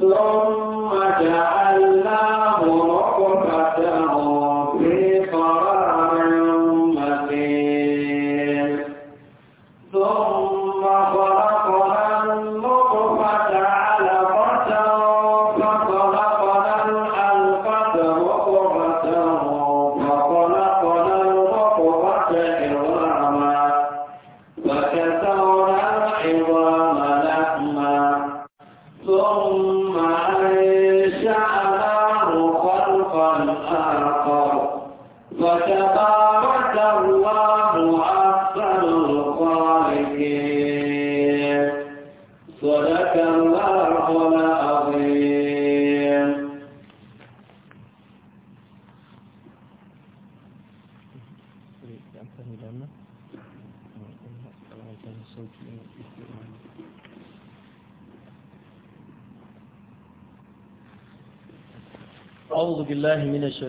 ثم جعلناه نطفة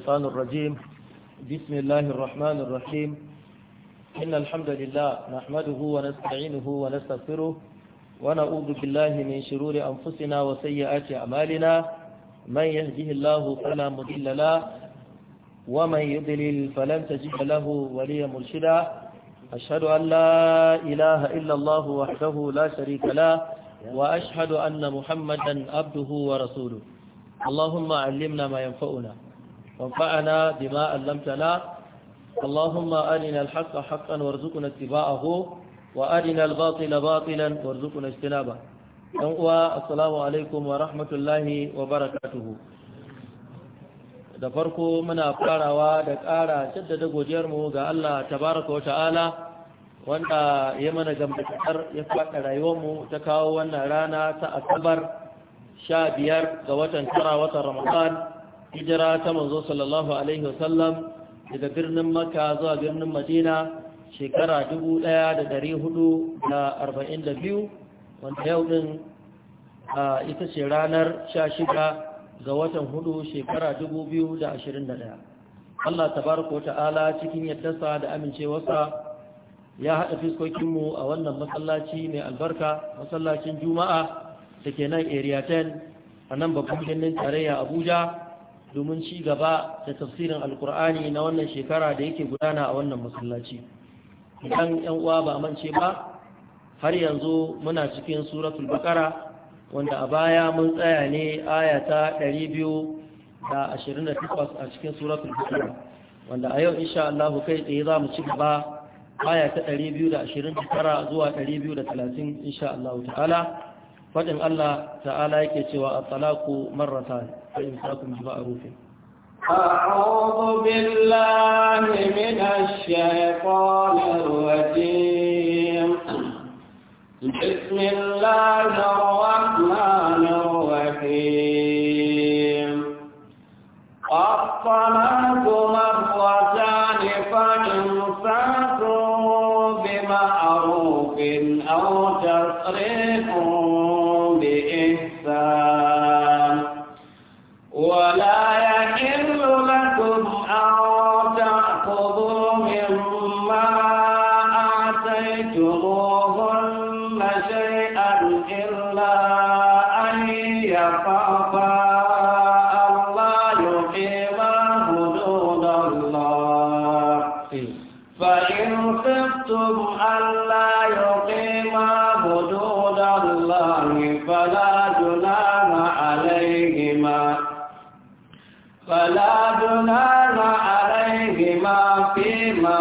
الشيطان الرجيم بسم الله الرحمن الرحيم إن الحمد لله نحمده ونستعينه ونستغفره ونعوذ بالله من شرور أنفسنا وسيئات أعمالنا من يهده الله فلا مضل له ومن يضلل فلن تجد له وليا مرشدا أشهد أن لا إله إلا الله وحده لا شريك له وأشهد أن محمدا عبده ورسوله اللهم علمنا ما ينفعنا وانفعنا بما علمتنا اللهم أرنا الحق حقا وارزقنا اتباعه وأرنا الباطل باطلا وارزقنا اجتنابه السلام عليكم ورحمة الله وبركاته da farko muna farawa da ƙara jaddada godiyarmu ga Allah tabaraka wata'ala wanda ya mana gambatar ya faɗa rayuwarmu ta kawo wannan rana ta asabar sha biyar ga watan tara watan ramadan hijira ta manzo sallallahu alaihi wasallam daga birnin Makka zuwa birnin Madina shekara 1442 wanda yau din ita ce ranar 16 ga watan hudu shekara 2021 Allah tabaraka ta'ala cikin yaddarsa da amincewarsa ya haɗa fiskokinmu a wannan masallaci mai albarka masallacin juma'a da ke nan area 10 a nan babban birnin tarayya abuja domin ci gaba da tafsirin alkur'ani na wannan shekara da yake gudana a wannan masallaci idan yan uwa ba mance ba har yanzu muna cikin suratul bakara wanda a baya mun tsaya ne aya ta 228 a cikin suratul bakara wanda a yau insha Allah kai tsaye za mu ci gaba aya ta 229 zuwa 230 insha Allah ta'ala fadin Allah ta'ala yake cewa at-talaqu marratan فيمساكم بمعروف أعوذ بالله من الشيطان الرجيم بسم الله الرحمن الرحيم الطلاق مرتان فإمساك بمعروف أو تسريح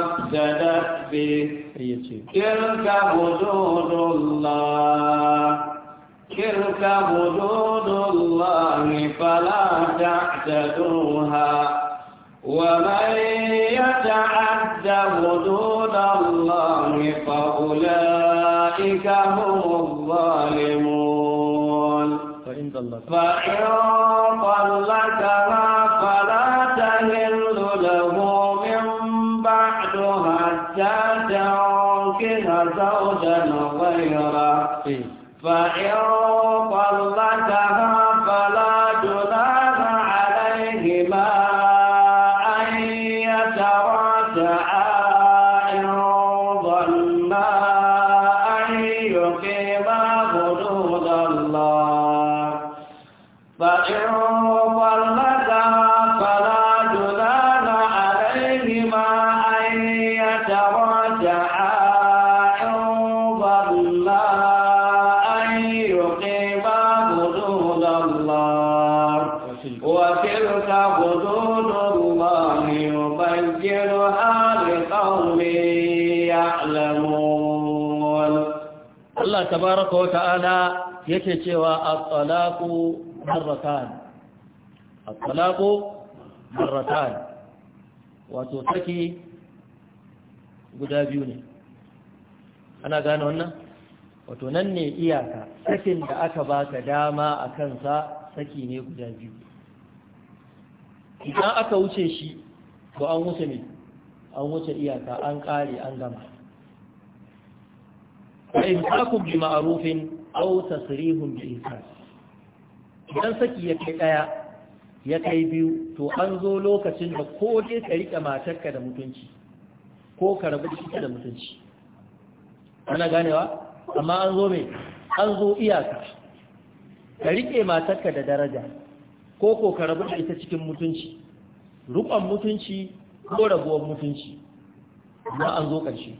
افتدت به تلك حدود الله تلك حدود الله فلا تعتدوها ومن يتعد حدود الله فأولئك هم الظالمون فإن طلقها فلا حتى تنكح زوجا غيره فإن tabaraka wa ta'ala yake cewa at-talaqu marratan at-talaqu marratan wato saki guda biyu ne ana gane wannan wato nan ne iyaka sakin da aka baka dama a kansa saki ne guda biyu idan aka wuce shi to an wuce ne an wuce iyaka an kare an gama fa'imsakun bi ma'arufin au tasirihun bi idan saki ya kai ɗaya ya kai biyu to an zo lokacin da ko dai ka riƙe matarka da mutunci ko ka rabu da da mutunci ana ganewa amma an zo mai an zo iyaka ka riƙe matarka da daraja ko ko ka rabu da ita cikin mutunci rukon mutunci ko rabuwar mutunci amma an zo ƙarshe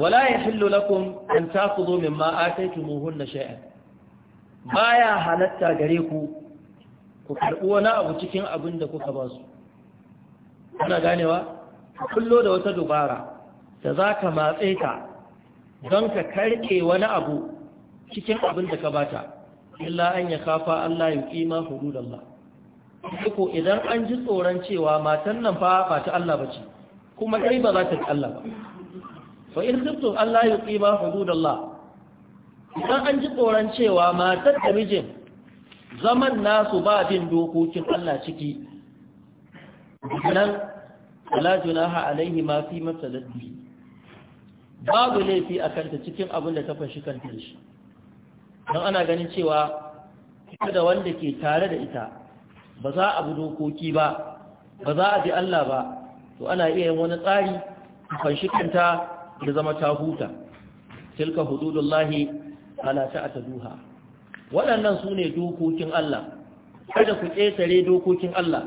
wala يحل لكم ان تاخذوا مما اتيتموهن شيئا baya halatta gare ku ku karɓi wani abu cikin abin da kuka ba su ana ganewa kullo da wata dubara da za ka matse ta don ka karɓe wani abu cikin abin da ka bata illa an ya kafa Allah ya kima hududallah ko idan an ji tsoron cewa matan nan fa ba ta Allah bace kuma kai ba za ta Allah ba fa in khiftum Allah yuqima hududallah idan an ji tsoron cewa matar da mijin zaman nasu ba bin dokokin Allah ciki nan la junaha alaihi ma fi masalati babu laifi a kanta cikin abin da ta fashi kanta shi don ana ganin cewa ita da wanda ke tare da ita ba za a bi dokoki ba ba za a bi Allah ba to ana iya yin wani tsari fashi kanta ya zama ta huta tilka hududullahi ala ta'ata duha waɗannan su ne dokokin Allah kada ku ƙetare dokokin Allah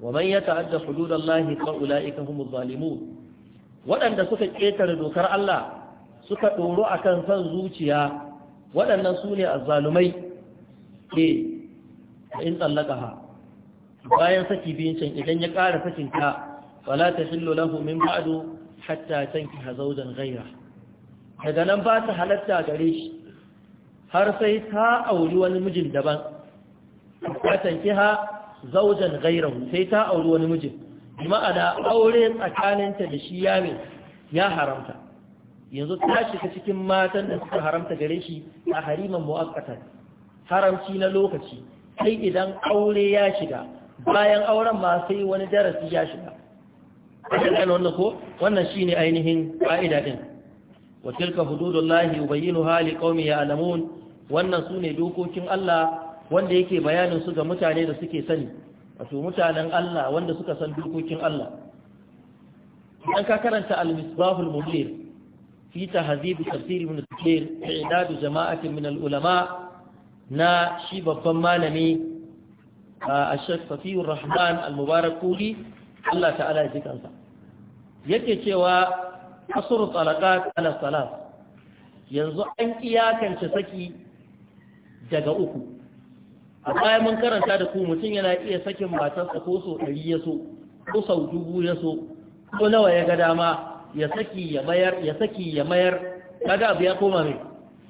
wa man ta'adda hududallahi fa ulaika humuz zalimun waɗanda suka ƙetare dokar Allah suka ɗoro a kan san zuciya waɗannan su ne azzalumai ke in tsallakaha bayan saki biyun idan ya ƙara sakinta fala ta shillo lahu min ba'du hatta tankiha zaujan ghaira daga nan ba ta halatta gare shi har sai ta auri wani mijin daban ta tankiha zaujan gaira sai ta auri wani mijin ma'ana aure tsakaninta da shi ya ya haramta yanzu ta shiga cikin matan da suka haramta gare shi a hariman mu'akkatan haramci na lokaci sai idan aure ya shiga bayan auren ma sai wani darasi ya shiga an gane wannan ko wannan shine ainihin ka'ida din wa tilka hali yubayyinuha liqaumin ya'lamun wannan sune dokokin Allah wanda yake bayanin su ga mutane da suke sani wato mutanen Allah wanda suka san dokokin Allah Idan ka karanta al-misbahul mubin في تهذيب تفسير ابن كثير إعداد جماعة من Ulama, na shi babban malami a Sheikh Rahman Al-Mubarak Kuli Allah ta'ala ya ji kansa yake cewa asru talaqat ala salat yanzu an iyakance saki daga uku a bayan mun karanta da ku mutum yana iya sakin matarsa ko so ɗari ya so ko sau dubu ya so ko nawa ya ga dama ya saki ya mayar ya saki ya mayar kaga abu ya koma mai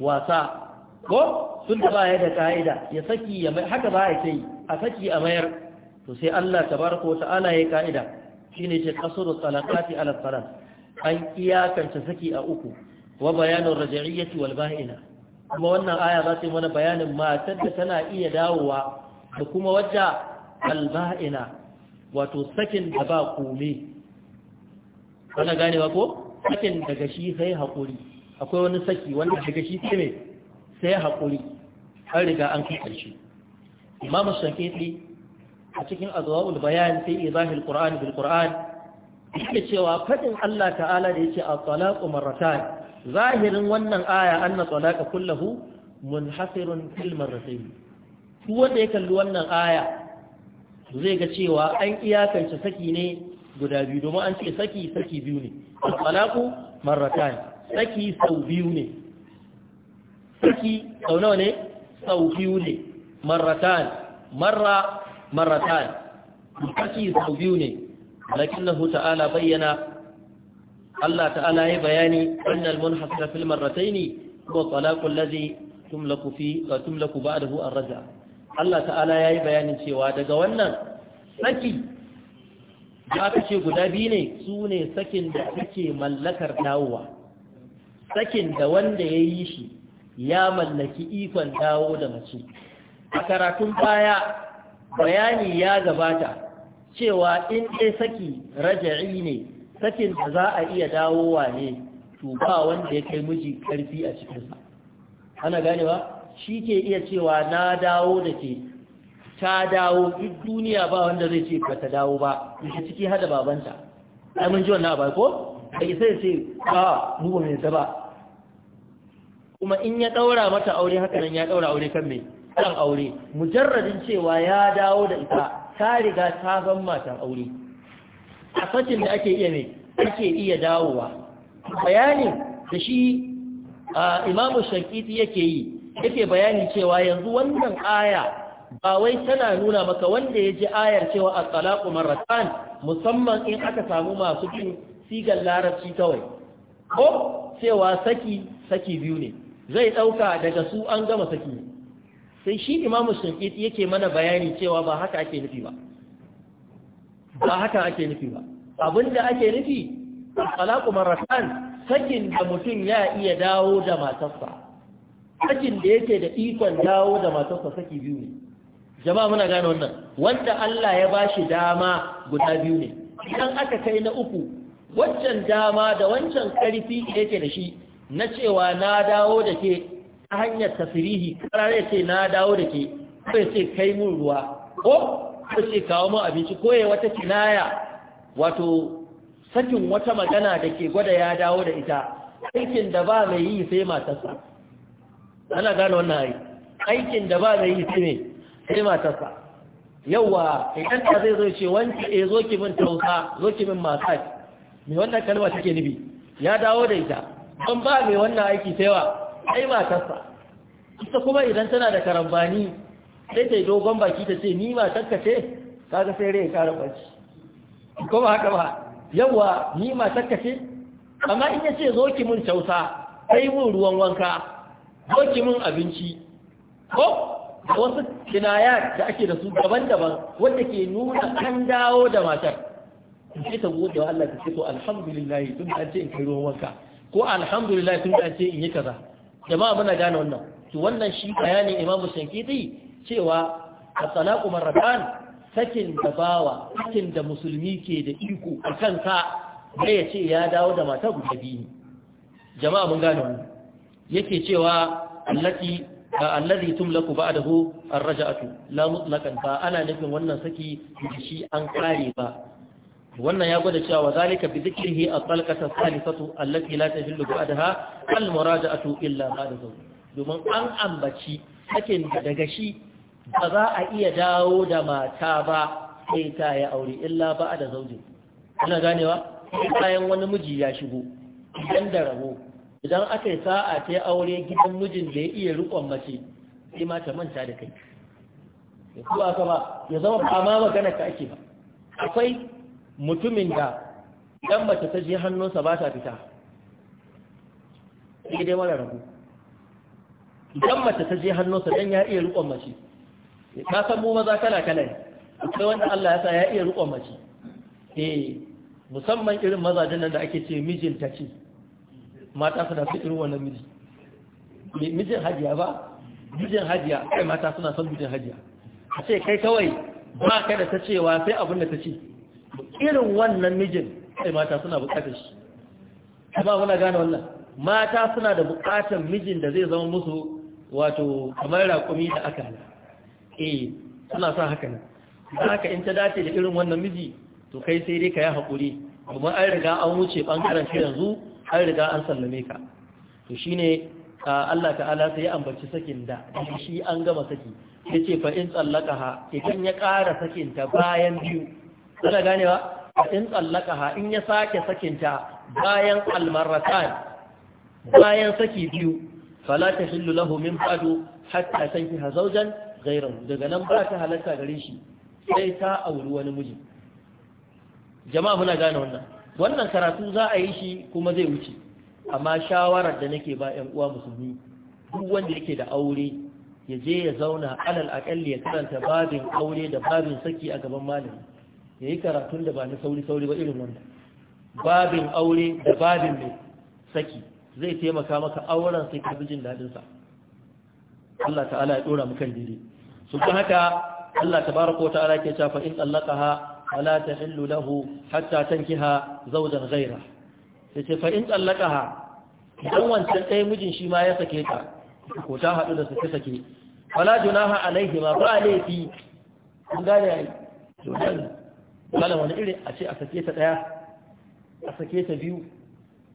wasa ko sun da baya da ka'ida ya saki ya mayar haka ba ya ce a saki a mayar to sai Allah tabaraka wata'ala ya ka'ida shine ce qasru talaqati ala salat an iyakance saki a uku wa bayanur raj'iyyati wal ba'ina kuma wannan aya za ta yi mana bayanin matar da tana iya dawowa da kuma wadda alba'ina wato sakin da ba kome wani ganewa ko sakin daga shi sai hakuri. akwai wani saki wanda daga shi sai me sai hakuri. har riga an kai ƙarshe imamu shankiti a cikin azwaul bayan fi izahil qur'an bil qur'an yake cewa fadin Allah ta'ala da yake at-talaqu marratan zahirin wannan aya anna talaqa kulluhu munhasirun fil marratayn duk wanda ya kallon wannan aya zai ga cewa an iyakance saki ne guda biyu domin an ce saki saki biyu ne at-talaqu marratan saki sau biyu ne saki sau nawa ne sau biyu ne marratan marra maratan kashi sau biyu ne lakinnahu ta'ala bayyana Allah ta'ala ya bayani annal munhasira fil marratayn huwa talaqul ladhi tumlaku fi wa tumlaku ba'dahu ar Allah ta'ala yayi bayanin cewa daga wannan saki da aka ce guda biyu ne Sune sakin da ake mallakar dawowa sakin da wanda ya yi shi ya mallaki ikon dawo da mace a karatun baya bayani ya gabata cewa in ɗai saki raja'i ne sakin da za a iya dawowa ne to ba wanda ya kai miji ƙarfi a cikinsa ana ganewa shi ke iya cewa na dawo da ke ta dawo duk duniya ba wanda zai ce ba ta dawo ba da ciki hada babanta ai mun ji wannan abai ko a isa ya ce ba mu ba mai ba kuma in ya daura mata aure haka nan ya daura aure kan mai kan aure mujarradin cewa ya dawo da ita ta riga ta zama matan aure a fatin da ake iya ne ake iya dawowa bayani da shi imamu shankiti yake yi yake bayani cewa yanzu wannan aya ba wai tana nuna maka wanda ya ji ayar cewa a talaku maratan musamman in aka samu masu bin sigar larabci kawai ko cewa saki saki biyu ne zai ɗauka daga su an gama saki sai shi imamu shafi'i yake mana bayani cewa ba haka ake nufi ba ba haka ake nufi ba abinda ake nufi talaku marratan sakin da mutum ya iya dawo da matarsa sakin da yake da ikon dawo da matarsa saki biyu ne jama'a muna gane wannan wanda Allah ya ba shi dama guda biyu ne idan aka kai na uku wancan dama da wancan karfi yake da shi na cewa na dawo da ke ta hanyar tasirihi karar ya ce na dawo da ke ko ya ce kai mun ruwa ko ko ce kawo mun abinci ko ya wata kinaya wato sakin wata magana da ke gwada ya dawo da ita aikin da ba mai yi sai matarsa ana gane wannan hari aikin da ba mai yi sai ne sai matarsa yawa idan ta zai zo ce wanki e eh, zo ki min tausa zo ki min masaji mai wannan kalma take nubi ya dawo da ita don ba mai wannan aiki sai wa ai matarsa ita kuma idan tana da karambani sai ta yi dogon baki ta ce ni matarka ce kaga sai rai kare kwanci kuma haka ba yawa ni matarka ce amma in ya ce zo ki mun tausa kai mun ruwan wanka zo ki mun abinci ko wasu kinaya da ake da su daban-daban wanda ke nuna kan dawo da matar ce ta gode wa Allah ta ce to alhamdulillah tun da an ce in kai ruwan wanka ko alhamdulillah tun da an ce in yi kaza jama'a muna gane wannan to wannan shi bayanin imamu shankiti cewa as talaqu marratan sakin da bawa sakin da musulmi ke da iko a kanka da ya ce ya dawo da mata guda biyu jama'a mun gane wannan yake cewa allati allazi tumlaku ba'dahu ar-raja'atu la mutlaqan fa ana nufin wannan saki shi an kare ba wannan ya gwada cewa zalika bi dhikrihi at-talqata salifatu allati la tahillu ba'daha al-muraja'atu illa ba'da zawj domin an ambaci sakin daga shi ba za a iya dawo da mata ba sai ta ya aure illa ba'da zawj ana ganewa bayan wani miji ya shigo idan da rabo idan aka yi sa'a ta aure gidan mijin da ya iya rikon mace sai ma ta manta da kai ya kuwa ka ba ya zama ba ma magana ka ake ba akwai mutumin da ɗan mace ta je hannunsa ba ta fita sai dai mara rabu ɗan mace ta je hannunsa ɗan ya iya rukon mace ta san mu maza kala kala ne akwai wanda Allah ya sa ya iya rukon mace eh musamman irin mazajen nan da ake ce mijin ta ce mata suna fi irin wannan miji mijin hajiya ba mijin hajiya kai mata suna son mijin hajiya a ce kai kawai ba ka da ta cewa sai abin da ta ce irin wannan mijin sai mata suna bukatar shi amma muna gane wannan mata suna da bukatar mijin da zai zama musu wato kamar raƙumi da aka hana eh suna sa haka nan haka in ta dace da irin wannan miji to kai sai dai ka yi haƙuri kuma an riga an wuce ɓangaren shi yanzu an riga an sallame ka to shine Allah ta'ala sai ya ambaci sakin da shi an gama saki ya ce fa in tsallaka ha idan ya ƙara sakinta bayan biyu suna ganewa in tsallaka ha in ya sake sakinta bayan almarratan bayan saki biyu falata ta hillu lahu min ba'du hatta tankiha zawjan gairan daga nan ba ta halarta gare shi sai ta auri wani miji jama'a muna gane wannan wannan karatu za a yi shi kuma zai wuce amma shawarar da nake ba yan uwa musulmi duk wanda yake da aure ya je ya zauna alal akalli ya karanta babin aure da babin saki a gaban malami ya yi karatun da ba na sauri-sauri ba irin wanda babin aure da babin mai saki zai taimaka maka auren sai ka jin daɗinsa Allah ta'ala ya ɗora mukan dire su kuma haka Allah baraka wa ta'ala ke cewa in ala ta tahillu lahu hatta ha zawjan zaira sai ce fa in ha idan wancan ɗaya mijin shi ma ya sake ta ko ta haɗu da sake sake fala junaha alaihi ma ba laifi an gane ai to kala wani iri a ce a sake ta ɗaya a sake ta biyu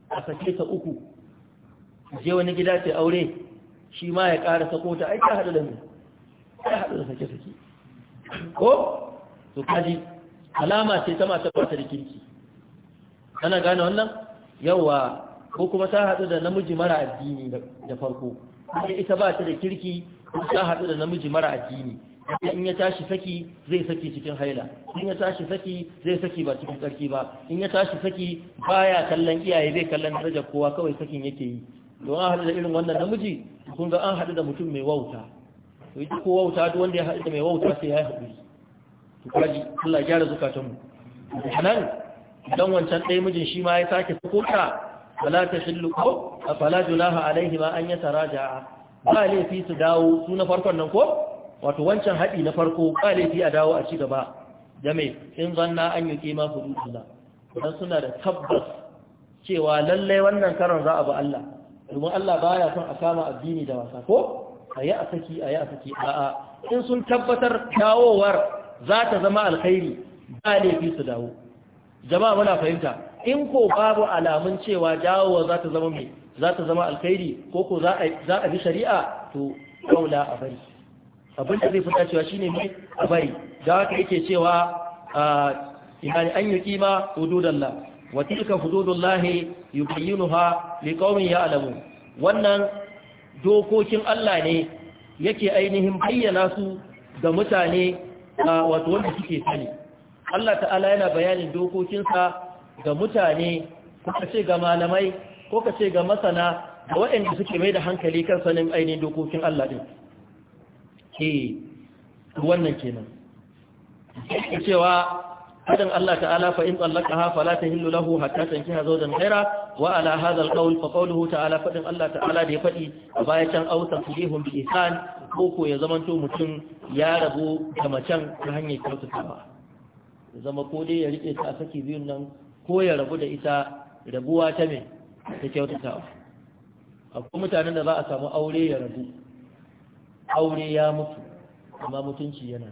a sake ta uku je wani gida ce aure shi ma ya ƙara sako ta aiki haɗu da mu ya haɗu da sake-sake ko su kaji alama ce ta mata bata da kirki ana gane wannan yawa ko kuma ta haɗu da namiji mara addini da farko ita ba ta da kirki ta haɗu da namiji mara addini in ya tashi saki zai saki cikin haila in ya tashi saki zai saki ba cikin tsarki ba in ya tashi saki baya kallon iyaye zai kallon darajar kowa kawai sakin yake yi don an haɗu da irin wannan namiji kun ga an haɗu da mutum mai wauta to yi ko wauta duk wanda ya haɗu da mai wauta sai ya yi haɗu to kaji Allah ya gyara mu hanan dan wancan ɗaya mijin shi ma ya sake sakota wala shillu ko fala junaha alaihi ma an yataraja'a ba laifi su dawo su na farkon nan ko wato wancan haɗi na farko ba laifi a dawo a ci gaba da in zanna an yi kima hududullah dan suna da tabbas cewa lallai wannan karon za a ba Allah domin Allah baya son a kama addini da wasa ko a yi a saki a yi a saki a'a in sun tabbatar dawowar za ta zama alkhairi ba laifi su dawo jama'a muna fahimta in ko babu alamun cewa dawowa za ta zama mai za ta zama alkhairi ko ko za a bi shari'a to kaula a bari abin da zai fita cewa shine mai a bari da haka yake cewa imani an yi kima hududallah wa tilka hududullahi yubayyinuha ya alamu wannan dokokin Allah ne yake ainihin bayyana su ga mutane wato wanda suke sani Allah ta'ala yana bayanin dokokinsa ga mutane ko kace ga malamai ko kace ga masana ga waɗanda suke mai da hankali kan sanin ainihin dokokin Allah din ke wannan kenan cewa adan Allah ta'ala fa in tallaqaha fala tahillu lahu hatta tankiha zawjan ghayra wa ala hadha alqawl fa qawluhu ta'ala fadin Allah ta'ala da ya fadi baya can ausa kulihum bi ihsan koko ya to mutum ya rabu da macen ta hanyar kyautatawa ya zama ko dai ya rike ta saki biyun nan ko ya rabu da ita rabuwa ta me ta kyautatawa akwai mutanen da za a samu aure ya rabu aure ya mutu amma mutunci yana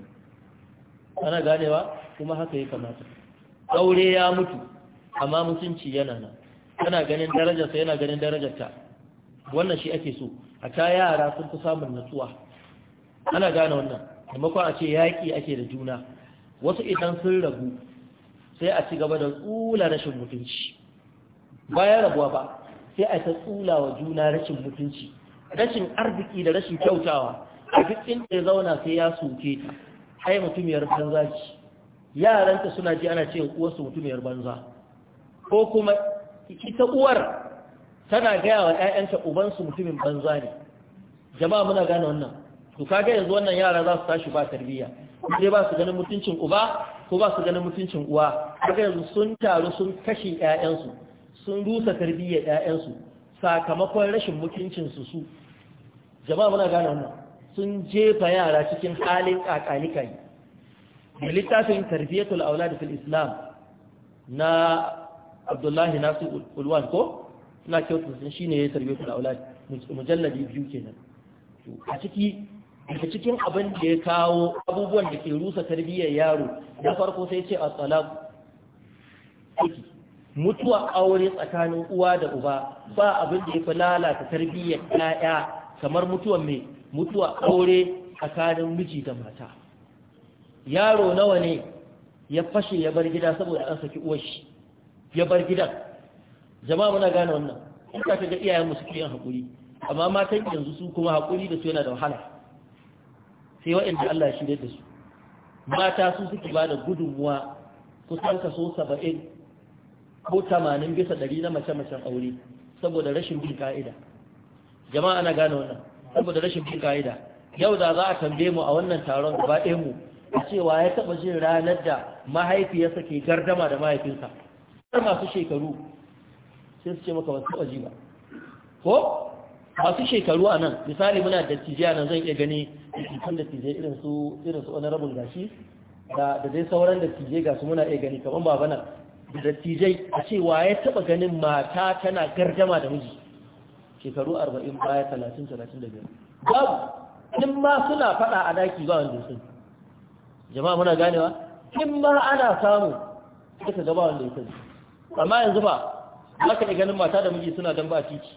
ana ganewa kuma haka ya kamata aure ya mutu amma mutunci yana nan ana ganin darajarsa yana ganin darajarta wannan shi ake so a ta yara sun fi samun natsuwa ana gane wannan maimakon a ce yaƙi ake da juna wasu idan sun rabu sai a ci gaba da tsula rashin mutunci bayan rabuwa ba sai a ta tsula wa juna rashin mutunci rashin arziki da rashin kyautawa a duk inda ya zauna sai ya suke ta ai mutumiyar banza ce yaranta suna ji ana ce su mutumiyar banza ko kuma ita uwar tana gaya wa ‘ya'yanta ubansu mutumin banza ne jama'a muna gane wannan to kaga yanzu wannan yara za su tashi ba tarbiyya sai ba su ganin mutuncin uba ko ba su ganin mutuncin uwa kaga yanzu sun taru sun kashe ‘ya'yansu sun rusa tarbiyyar ‘ya'yansu sakamakon rashin mutuncinsu su jama'a muna gane wannan sun jefa yara cikin halin kakalikai da littafin tarbiyyatul aulad fil islam na abdullahi nasu ulwan ko na kyautar shi ne ya tarbiyyatul aulad mujalladi biyu kenan a ciki a cikin abin da ya kawo abubuwan da ke rusa tarbiyyar yaro na farko sai ce a talab mutuwa aure tsakanin uwa da uba ba abin da ya fi lalata tarbiyyar ɗaya kamar mutuwan mai mutuwa aure tsakanin miji da mata yaro nawa ne ya fashe ya bar gida saboda an saki uwar shi ya bar gidan jama'a muna gane wannan in ka ga iyayen mu suke yin hakuri amma matan yanzu su kuma hakuri da su yana da wahala sai wa'anda Allah ya shirye da su mata su suke ba da gudunmuwa kusan kaso saba'in ko tamanin bisa ɗari na mace-macen aure saboda rashin bin ka'ida jama'a na gane wannan saboda rashin bin ka'ida yau da za a tambaye mu a wannan taron gaba ɗaya mu cewa ya taɓa jin ranar da mahaifiyarsa ke gardama da mahaifinsa har masu shekaru sai su ce maka wasu taɓa ji ba ko masu shekaru a nan misali muna da tijiya nan zan iya gani da cikin irin su irin su honorable gashi da da dai sauran da tijiyar gasu muna iya gani kamar baba nan da dattijai a cewa ya taba ganin mata tana gargama da miji shekaru 40 baya 30 35 babu in ma suna fada a daki ba wanda sun jama'a muna ganewa in ma ana samu suka gaba wanda sun amma yanzu ba za ka ganin mata da miji suna don ba titi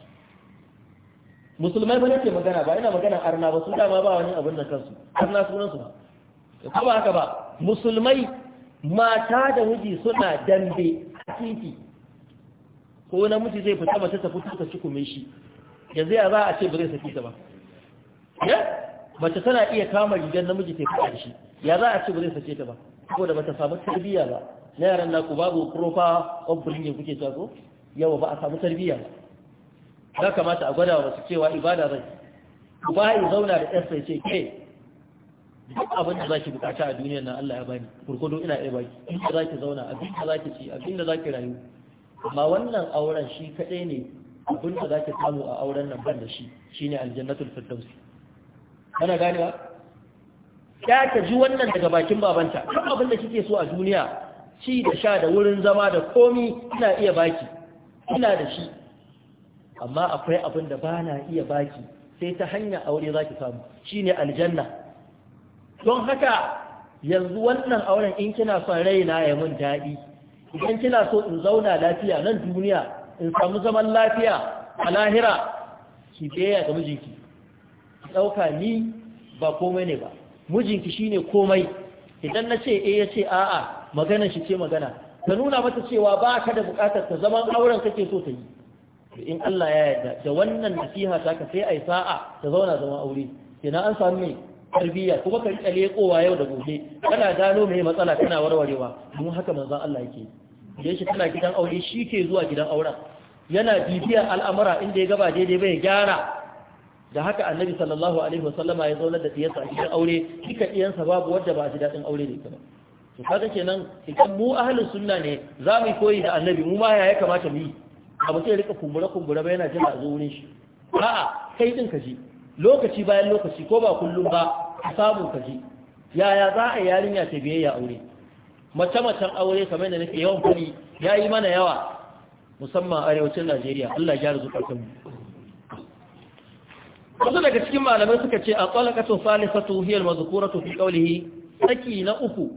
musulmai ba nake magana ba ina magana arna ba su dama ba wani abin da kansu arna sunansu ba ko ba haka ba musulmai mata da miji suna dambe a titi ko namiji zai fita mace ta fito ta cikume shi yanzu ya za a ce ba zai saki ta ba mace tana iya kama rigar namiji ta fita shi ya za a ce ba zai sake ta ba da bata samu tarbiyya ba na yaran na ku babu proper upbringing kuke jago yawa ba a samu tarbiyya ba ya kamata a gwada wa masu cewa ibada zai ku ba ya zauna da sai ce ke duk abin da zaki bukata a duniyar nan Allah ya bani gurgudu ina iya baki inda zaki zauna abin da zaki ci abin da zaki rayu amma wannan auren shi kadai ne abin da zaki samu a auren nan ban da shi shine aljannatul firdaus kana ganewa ya ta ji wannan daga bakin babanta duk abin da kike so a duniya ci da sha da wurin zama da komi ina iya baki ina da shi amma akwai abin da bana iya baki sai ta hanya aure zaki samu shine aljanna don haka yanzu wannan auren in kina son raina ya mun daɗi idan kina so in zauna lafiya nan duniya in samu zaman lafiya a lahira ki beya ga mijinki ki ɗauka ni ba komai ne ba mijinki shine komai idan na ce e ya ce a'a magana shi ce magana ka nuna mata cewa ba ka da bukatar ta zaman auren kake so ta yi in Allah ya yarda da wannan nasiha ta ka sai ai sa'a ta zauna zaman aure kenan an samu tarbiyya kuma ka rika lekowa yau da gobe kana gano mai matsala kana warwarewa mun haka manzon Allah yake da shi kana gidan aure shi ke zuwa gidan auren yana bibiya al'amura inda ya gaba daidai bai gyara da haka annabi sallallahu alaihi wasallama ya zauna da tiyarsa a cikin aure duka iyansa babu wadda ba ji daɗin aure ne kuma to kaga kenan idan mu ahlus sunna ne za mu koyi da annabi mu ma ya kamata mu yi abu sai rika kumbura kumbura ba yana jira a zo wurin shi a'a kai din ka ji lokaci bayan lokaci ko ba kullum ba a yaya za a yarinya ta biyayya aure mace macen aure kamar da nake yawan fari ya yi mana yawa musamman arewacin najeriya allah gyara wasu daga cikin malamai suka ce a tsalakatun salisatu hiyar mazukuratu fi kaulihi saki na uku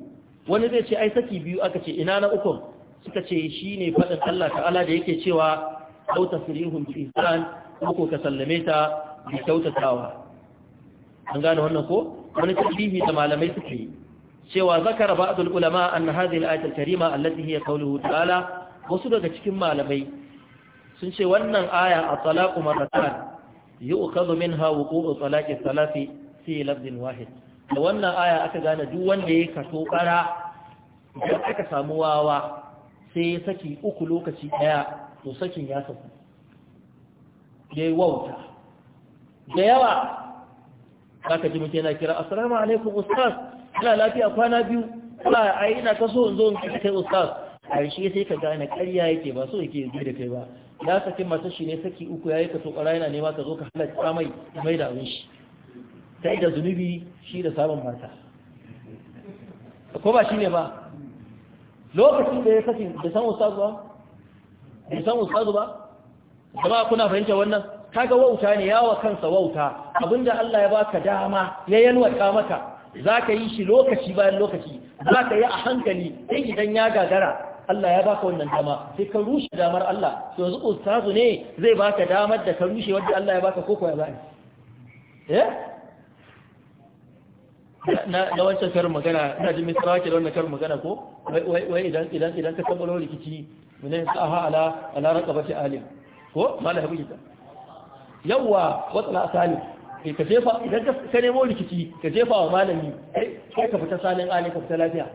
wani zai ce ai saki biyu aka ce ina na uku suka ce shi ne faɗin allah ta'ala da yake cewa kauta sirihun fi ihsan uku ka sallame ta bi kyautatawa an gane wannan ko wani tasbihi da malamai suke yi cewa zakara ba'dul ulama an hadhihi al-ayatul karima allati hiya qawluhu ta'ala wasu daga cikin malamai sun ce wannan aya a talaqu marratan yu'khadhu minha wuqu'u talaqi salati fi lafdin wahid da wannan aya aka gane duk wanda ya kaso kara Da aka samu wawa sai ya saki uku lokaci daya to sakin ya saki yayi wauta da yawa zaka ji mutum yana kira assalamu alaikum ustaz ina lafiya kwana biyu ba ai ina ta so in zo in kike kai ustaz a shi sai ka gane ƙarya yake ba so yake yi da kai ba ya saki mata shi ne saki uku yayi ka to ƙara yana nema ka zo ka halatta mai mai da abin shi sai da zunubi shi da sabon mata ko ba shi ne ba lokacin da ya saki da san ustaz ba da san ustaz ba jama'a kuna fahimta wannan kaga wauta ne yawa kansa wauta abinda Allah ya baka dama ya yalwata maka zaka yi shi lokaci bayan lokaci zaka yi a hankali sai idan ya gagara Allah ya baka wannan dama sai ka rushe damar Allah to yanzu ustazu ne zai baka damar da ka rushe wanda Allah ya baka koko ya bani eh na na wancan karin magana ina jin misra ke da wannan karin magana ko wai wai idan idan idan ka tabbalo rikici mun ne saha ala ala raqabati alim ko mala habita yawwa watsana asali kai ka jefa idan ka nemo rikici ka jefa wa malami kai ka fita salin ali ka fita lafiya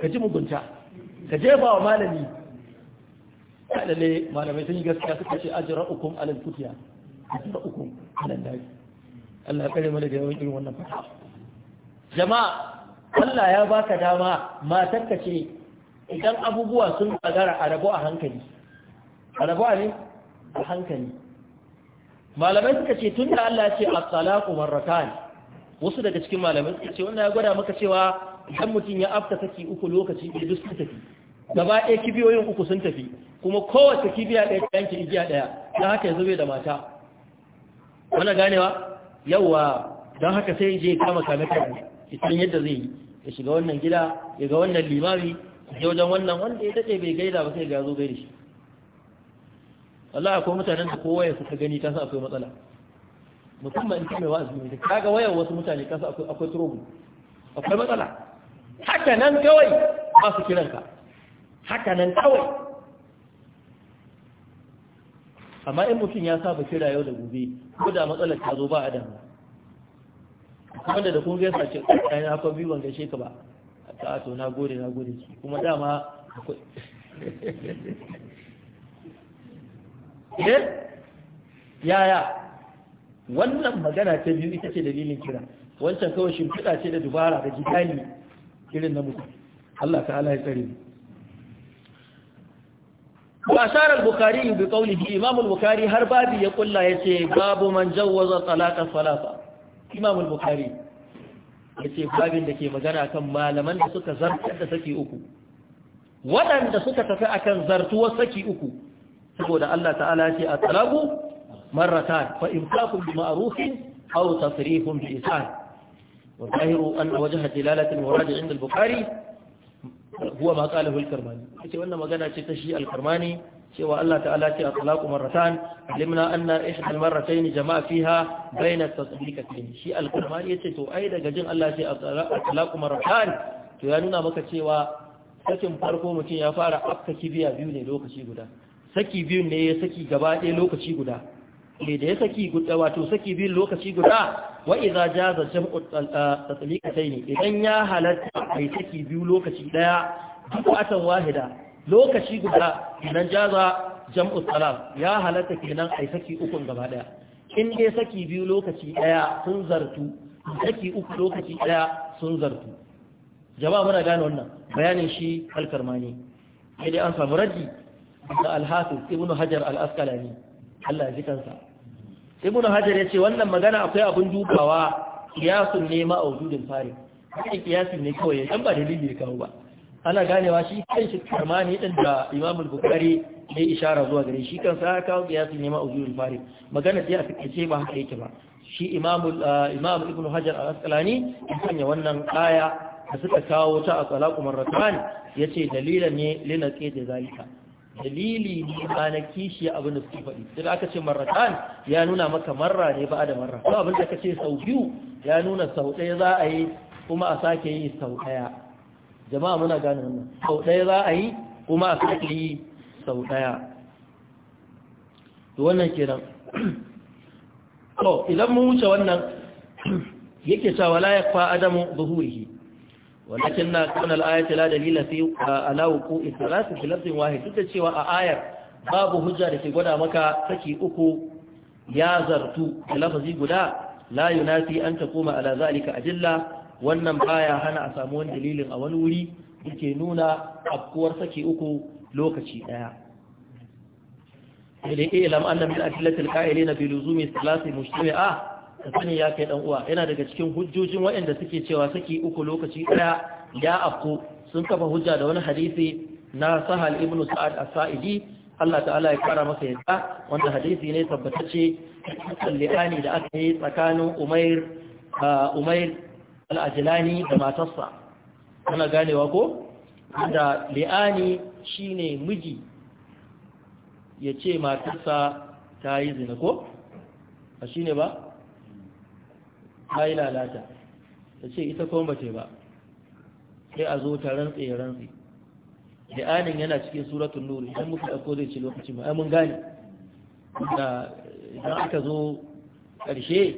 ka ji mugunta ka jefa wa malami kaɗale malamai sun yi gaskiya suka ce ajira ukum alal kutiya ajira ukum alal daji Allah ya kare mana da yawan irin wannan fata jama'a Allah ya baka dama matar ka ce idan abubuwa sun gagara a rabo a hankali a rabo a ne a hankali malamai suka ce tun da Allah ce tsala talaqu marratan wasu daga cikin malamai suka ce wannan ya gwada maka cewa idan mutum ya afta saki uku lokaci da duk sun tafi gaba ɗaya kibiyoyin uku sun tafi kuma kowace kibiya ɗaya ta yanke igiya ɗaya don haka ya zube da mata wani ganewa yawwa don haka sai je kama kame kame isan yadda zai yi ya shiga wannan gida ya ga wannan limami ya wajen wannan wanda ya daɗe bai gaida ba sai ga zo gaida shi Allah akwai mutanen da kowa ya suka gani kasa akwai matsala musamman in mai wa'azi ne kaga wayar wasu mutane kasa akwai akwai trouble akwai matsala haka nan kawai ba su kiran ka haka nan kawai amma in mutum ya saba kira yau da gobe ko da matsalar ta zo ba a damu wanda da kun gaisa ce ɗaya na kwan biyu ban gaishe ka ba ta to na gode na gode kuma dama akwai eh yaya wannan magana ta biyu ita ce dalilin kira wancan kawai shimfiɗa ce da dubara da gidani irin na mutu. Allah ta'ala ya tsare mu وأشار البخاري بقوله إمام البخاري هر بابي يقول لا يتي باب من جوز طلاق الصلاة إمام البخاري yace babin da ke magana kan malaman da suka zartar da saki uku waɗanda suka tafi akan zartuwar saki uku saboda Allah ta'ala ce a talabu marratan fa imsakun bi ma'rufin aw tasrifun bi ihsan wa zahiru an wajha dilalatul murad inda al-bukhari huwa ma qalahu al-karmani kace wannan magana ce ta shi al-karmani cewa Allah ta'ala ce a talaku marratan limna anna ihda al-marratayn jama'a fiha bayna at-tasdiqatayn shi al-karmani yace to ai daga jin Allah ce a talaku marratan to ya nuna maka cewa sakin farko mutum ya fara afka kibiya biyu ne lokaci guda saki biyun ne ya saki gaba ɗaya lokaci guda ne da ya saki guda wato saki biyun lokaci guda wa idza jaza jam'u ne idan ya halatta ai saki biyu lokaci daya atan wahida lokaci guda idan jaza jam'u talaq ya halatta kenan ai saki uku gaba daya in dai saki biyu lokaci daya sun zartu saki uku lokaci daya sun zartu jama'a muna gane wannan bayanin shi alkarmani sai dai an samu raddi? da alhafiz ibn hajar al-asqalani Allah ya ji ibn hajar yace wannan magana akwai abun dubawa kiyasun ne ma aududin fari kai kiyasun ne kawai dan ba dalili kawo ba ana ganewa shi kan shi karma ne din da Imam al-Bukhari ya ishara zuwa gare shi kansa ya kawo kiyasun ne ma aududin fari magana sai a ce ba haka yake ba shi Imam uh, Imam Ibn Hajar al-Asqalani ya sanya wannan kaya da suka kawo ta a talaqu marratan yace dalilan ne lina linaqi da zalika dalili ne ba na kishi abin da suke faɗi sai aka ce marratan ya nuna maka marra ne ba da marra ko abin da aka ce sau biyu ya nuna sau ɗaya za a yi kuma a sake yi sau ɗaya jama'a muna gane wannan sau ɗaya za a yi kuma a sake yi sau ɗaya to wannan kenan to idan mun wuce wannan yake cewa la yakfa adamu zuhurihi walakin na kanan al'ayata la dalila fi ala wuqu'i thalath fi lafzin duk da cewa a ayar babu hujja da ke gwada maka saki uku ya zartu da lafazi guda la yunafi an taquma ala zalika ajilla wannan baya hana a samu wani dalilin a wani wuri yake nuna afkuwar saki uku lokaci daya sai dai ilam anna min adillatil qa'ilina bi luzumi thalath mujtami'a ka sani ya kai uwa yana daga cikin hujjojin waɗanda suke cewa saki uku lokaci ɗaya ya afko sun kafa hujja da wani hadisi na sahal ibn sa'ad as-sa'idi Allah ta'ala ya kara masa yadda wanda hadisi ne tabbatacce li'ani da aka yi tsakanin umair umair al-ajlani da matarsa kana ganewa ko da li'ani shine miji ya ce matarsa ta yi zina ko a shine ba ta yi lalata ta ce ita kuma ba ce ba sai a zo ta rantse ya rantse da anin yana cikin suratun nuru idan muka ɗauko zai ce lokaci ma mun gane da idan aka zo ƙarshe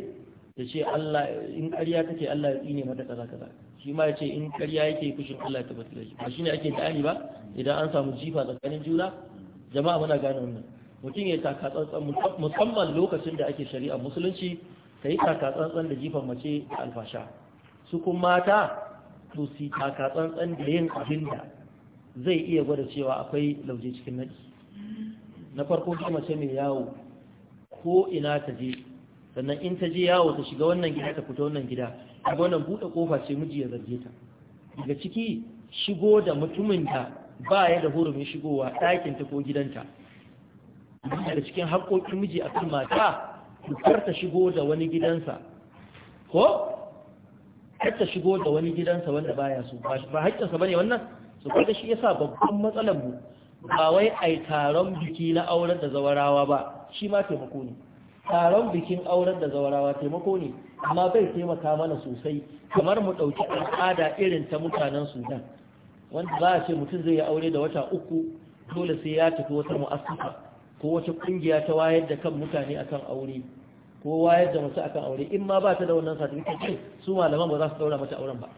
ta ce Allah in ƙarya ce Allah ya tsine mata kaza kaza shi ma ya ce in ƙarya yake kushin Allah ya tabbatar shi ba shine ake da'ani ba idan an samu jifa tsakanin juna jama'a muna gane wannan mutum ya taka tsantsan musamman lokacin da ake shari'a musulunci ta yi takatsantsan da jifan mace da alfasha su kuma mata su si takatsantsan da yin abin da zai iya gwada cewa akwai lauje cikin nadi na farko shi mace mai yawo ko ina ta je sannan in ta je yawo ta shiga wannan gida ta fita wannan gida daga wannan buɗe kofa ce miji ya zarge ta daga ciki shigo da mutumin da ba ya da hurumin shigowa ta ko gidanta daga cikin haƙoƙin miji a kan mata kar ta shigo da wani gidansa ko kar ta shigo da wani gidansa wanda baya so ba haƙƙinsa bane wannan su kaga shi yasa babban matsalar mu ba wai ai taron biki na auren da zawarawa ba shi ma taimako ne taron bikin auren da zawarawa taimako ne amma bai taimaka mana sosai kamar mu ɗauki al'ada irin ta mutanen sudan wanda za a ce mutum zai yi aure da wata uku dole sai ya tafi wata mu'assasa ko wata kungiya ta wayar da kan mutane akan aure ko wayar da mutane akan aure in ma ba ta da wannan din su malaman ba za su daura mata auren ba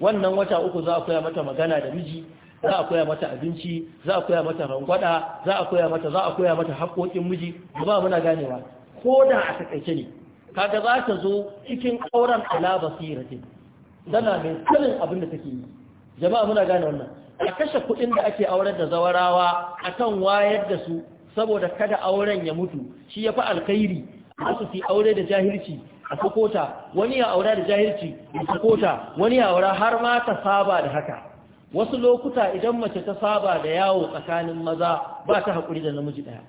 wannan wata uku za a koya mata magana da miji za a koya mata abinci za a koya mata rangwada za a koya mata za a koya mata haƙoƙin miji ba muna ganewa ko da a takaice ne kaga za ta zo cikin auren ala basiratin tana mai sanin abin da take yi jama'a muna gane wannan a kashe kuɗin da ake aurar da zawarawa akan wayar da su saboda kada auren ya mutu shi ya fi alkhairi a su fi aure da jahilci a sakota wani ya aura da jahilci a sakota wani ya aura har ma ta saba da haka wasu lokuta idan mace ta saba da yawo tsakanin maza ba ta haƙuri da namiji ɗaya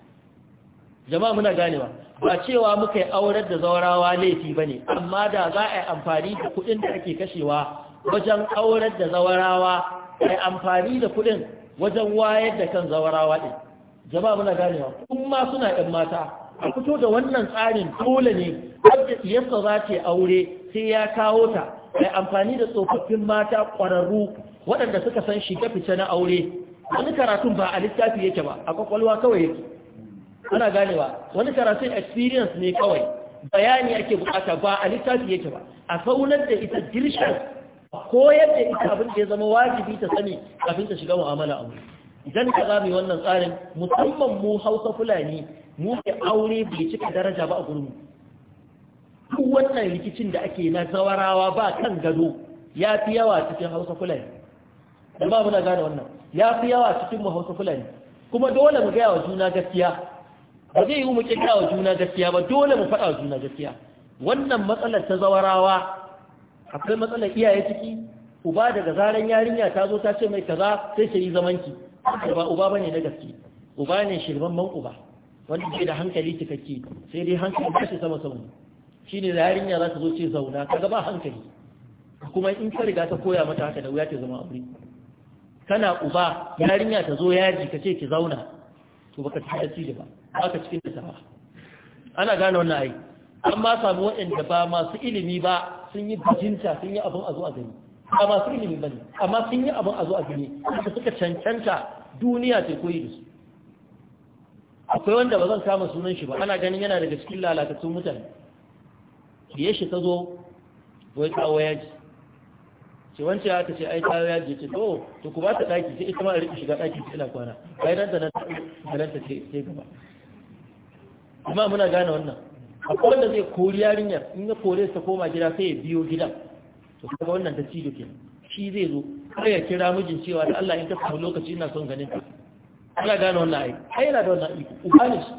jama'a muna ganewa ba cewa muka yi aurar da zaurawa laifi ba ne amma da za a yi amfani da kuɗin da ake kashewa wajen aurar da zaurawa a amfani da kuɗin wajen wayar da kan zaurawa ɗin jama'a muna ganewa kun ma suna yan mata a fito da wannan tsarin dole ne wadda siyarsa za ta aure sai ya kawo ta mai amfani da tsofaffin mata ƙwararru waɗanda suka san shiga fice na aure wani karatun ba a littafi yake ba a kwakwalwa kawai yake ana ganewa wani karatun experience ne kawai bayani ake bukata ba a littafi yake ba a saunar da ita girshen koyar da ita abin da ya zama wajibi ta sani kafin ta shiga mu'amala aure idan ka zame wannan tsarin musamman mu hausa fulani mu ke aure bai cika daraja ba a gurin duk wannan rikicin da ake na zawarawa ba kan gado ya fi yawa cikin hausa fulani da ba muna gane wannan ya fi yawa cikin mu hausa fulani kuma dole mu gaya wa juna gaskiya ba zai yi mu gaya wa juna gaskiya ba dole mu faɗa wa juna gaskiya wannan matsalar ta zawarawa akwai matsalar iyaye ciki uba daga zaran yarinya ta zo ta ce mai kaza sai ta yi zamanki ba uba bane na gaske uba ne shirban man uba wanda ke da hankali cikakke sai dai hankali ba shi sama sama shine da yarinya za ta zo ce zauna kaga ba hankali kuma in ka riga ta koya mata haka da wuya ta zama aure kana uba yarinya ta zo yaji ka ce ki zauna to baka ci da ci ba baka cikin da ba ana gane wannan ai amma samu waɗanda ba masu ilimi ba sun yi bijinta sun yi abin a zo a gani amma masu ilimi ba ne amma sun yi abin a zo a gani da suka cancanta duniya ta koyi da su akwai wanda ba zan kama sunan shi ba ana ganin yana daga cikin lalatattun mutane ya shi ta zo wai kawo yaji ce wancan ta ce ai kawo yaji ce to to ku ba ta daki sai ita ma a shiga daki ila kwana bai nan da nan ta ce gaba amma muna gane wannan akwai wanda zai kori yarinyar in ya kore ta koma gida sai ya biyo gidan to kaga wannan ta ci duke shi zai zo har ya kira mijin cewa da Allah in ka samu lokaci ina son ganin ka ana gane wannan ai ai na da wannan iko ubani shi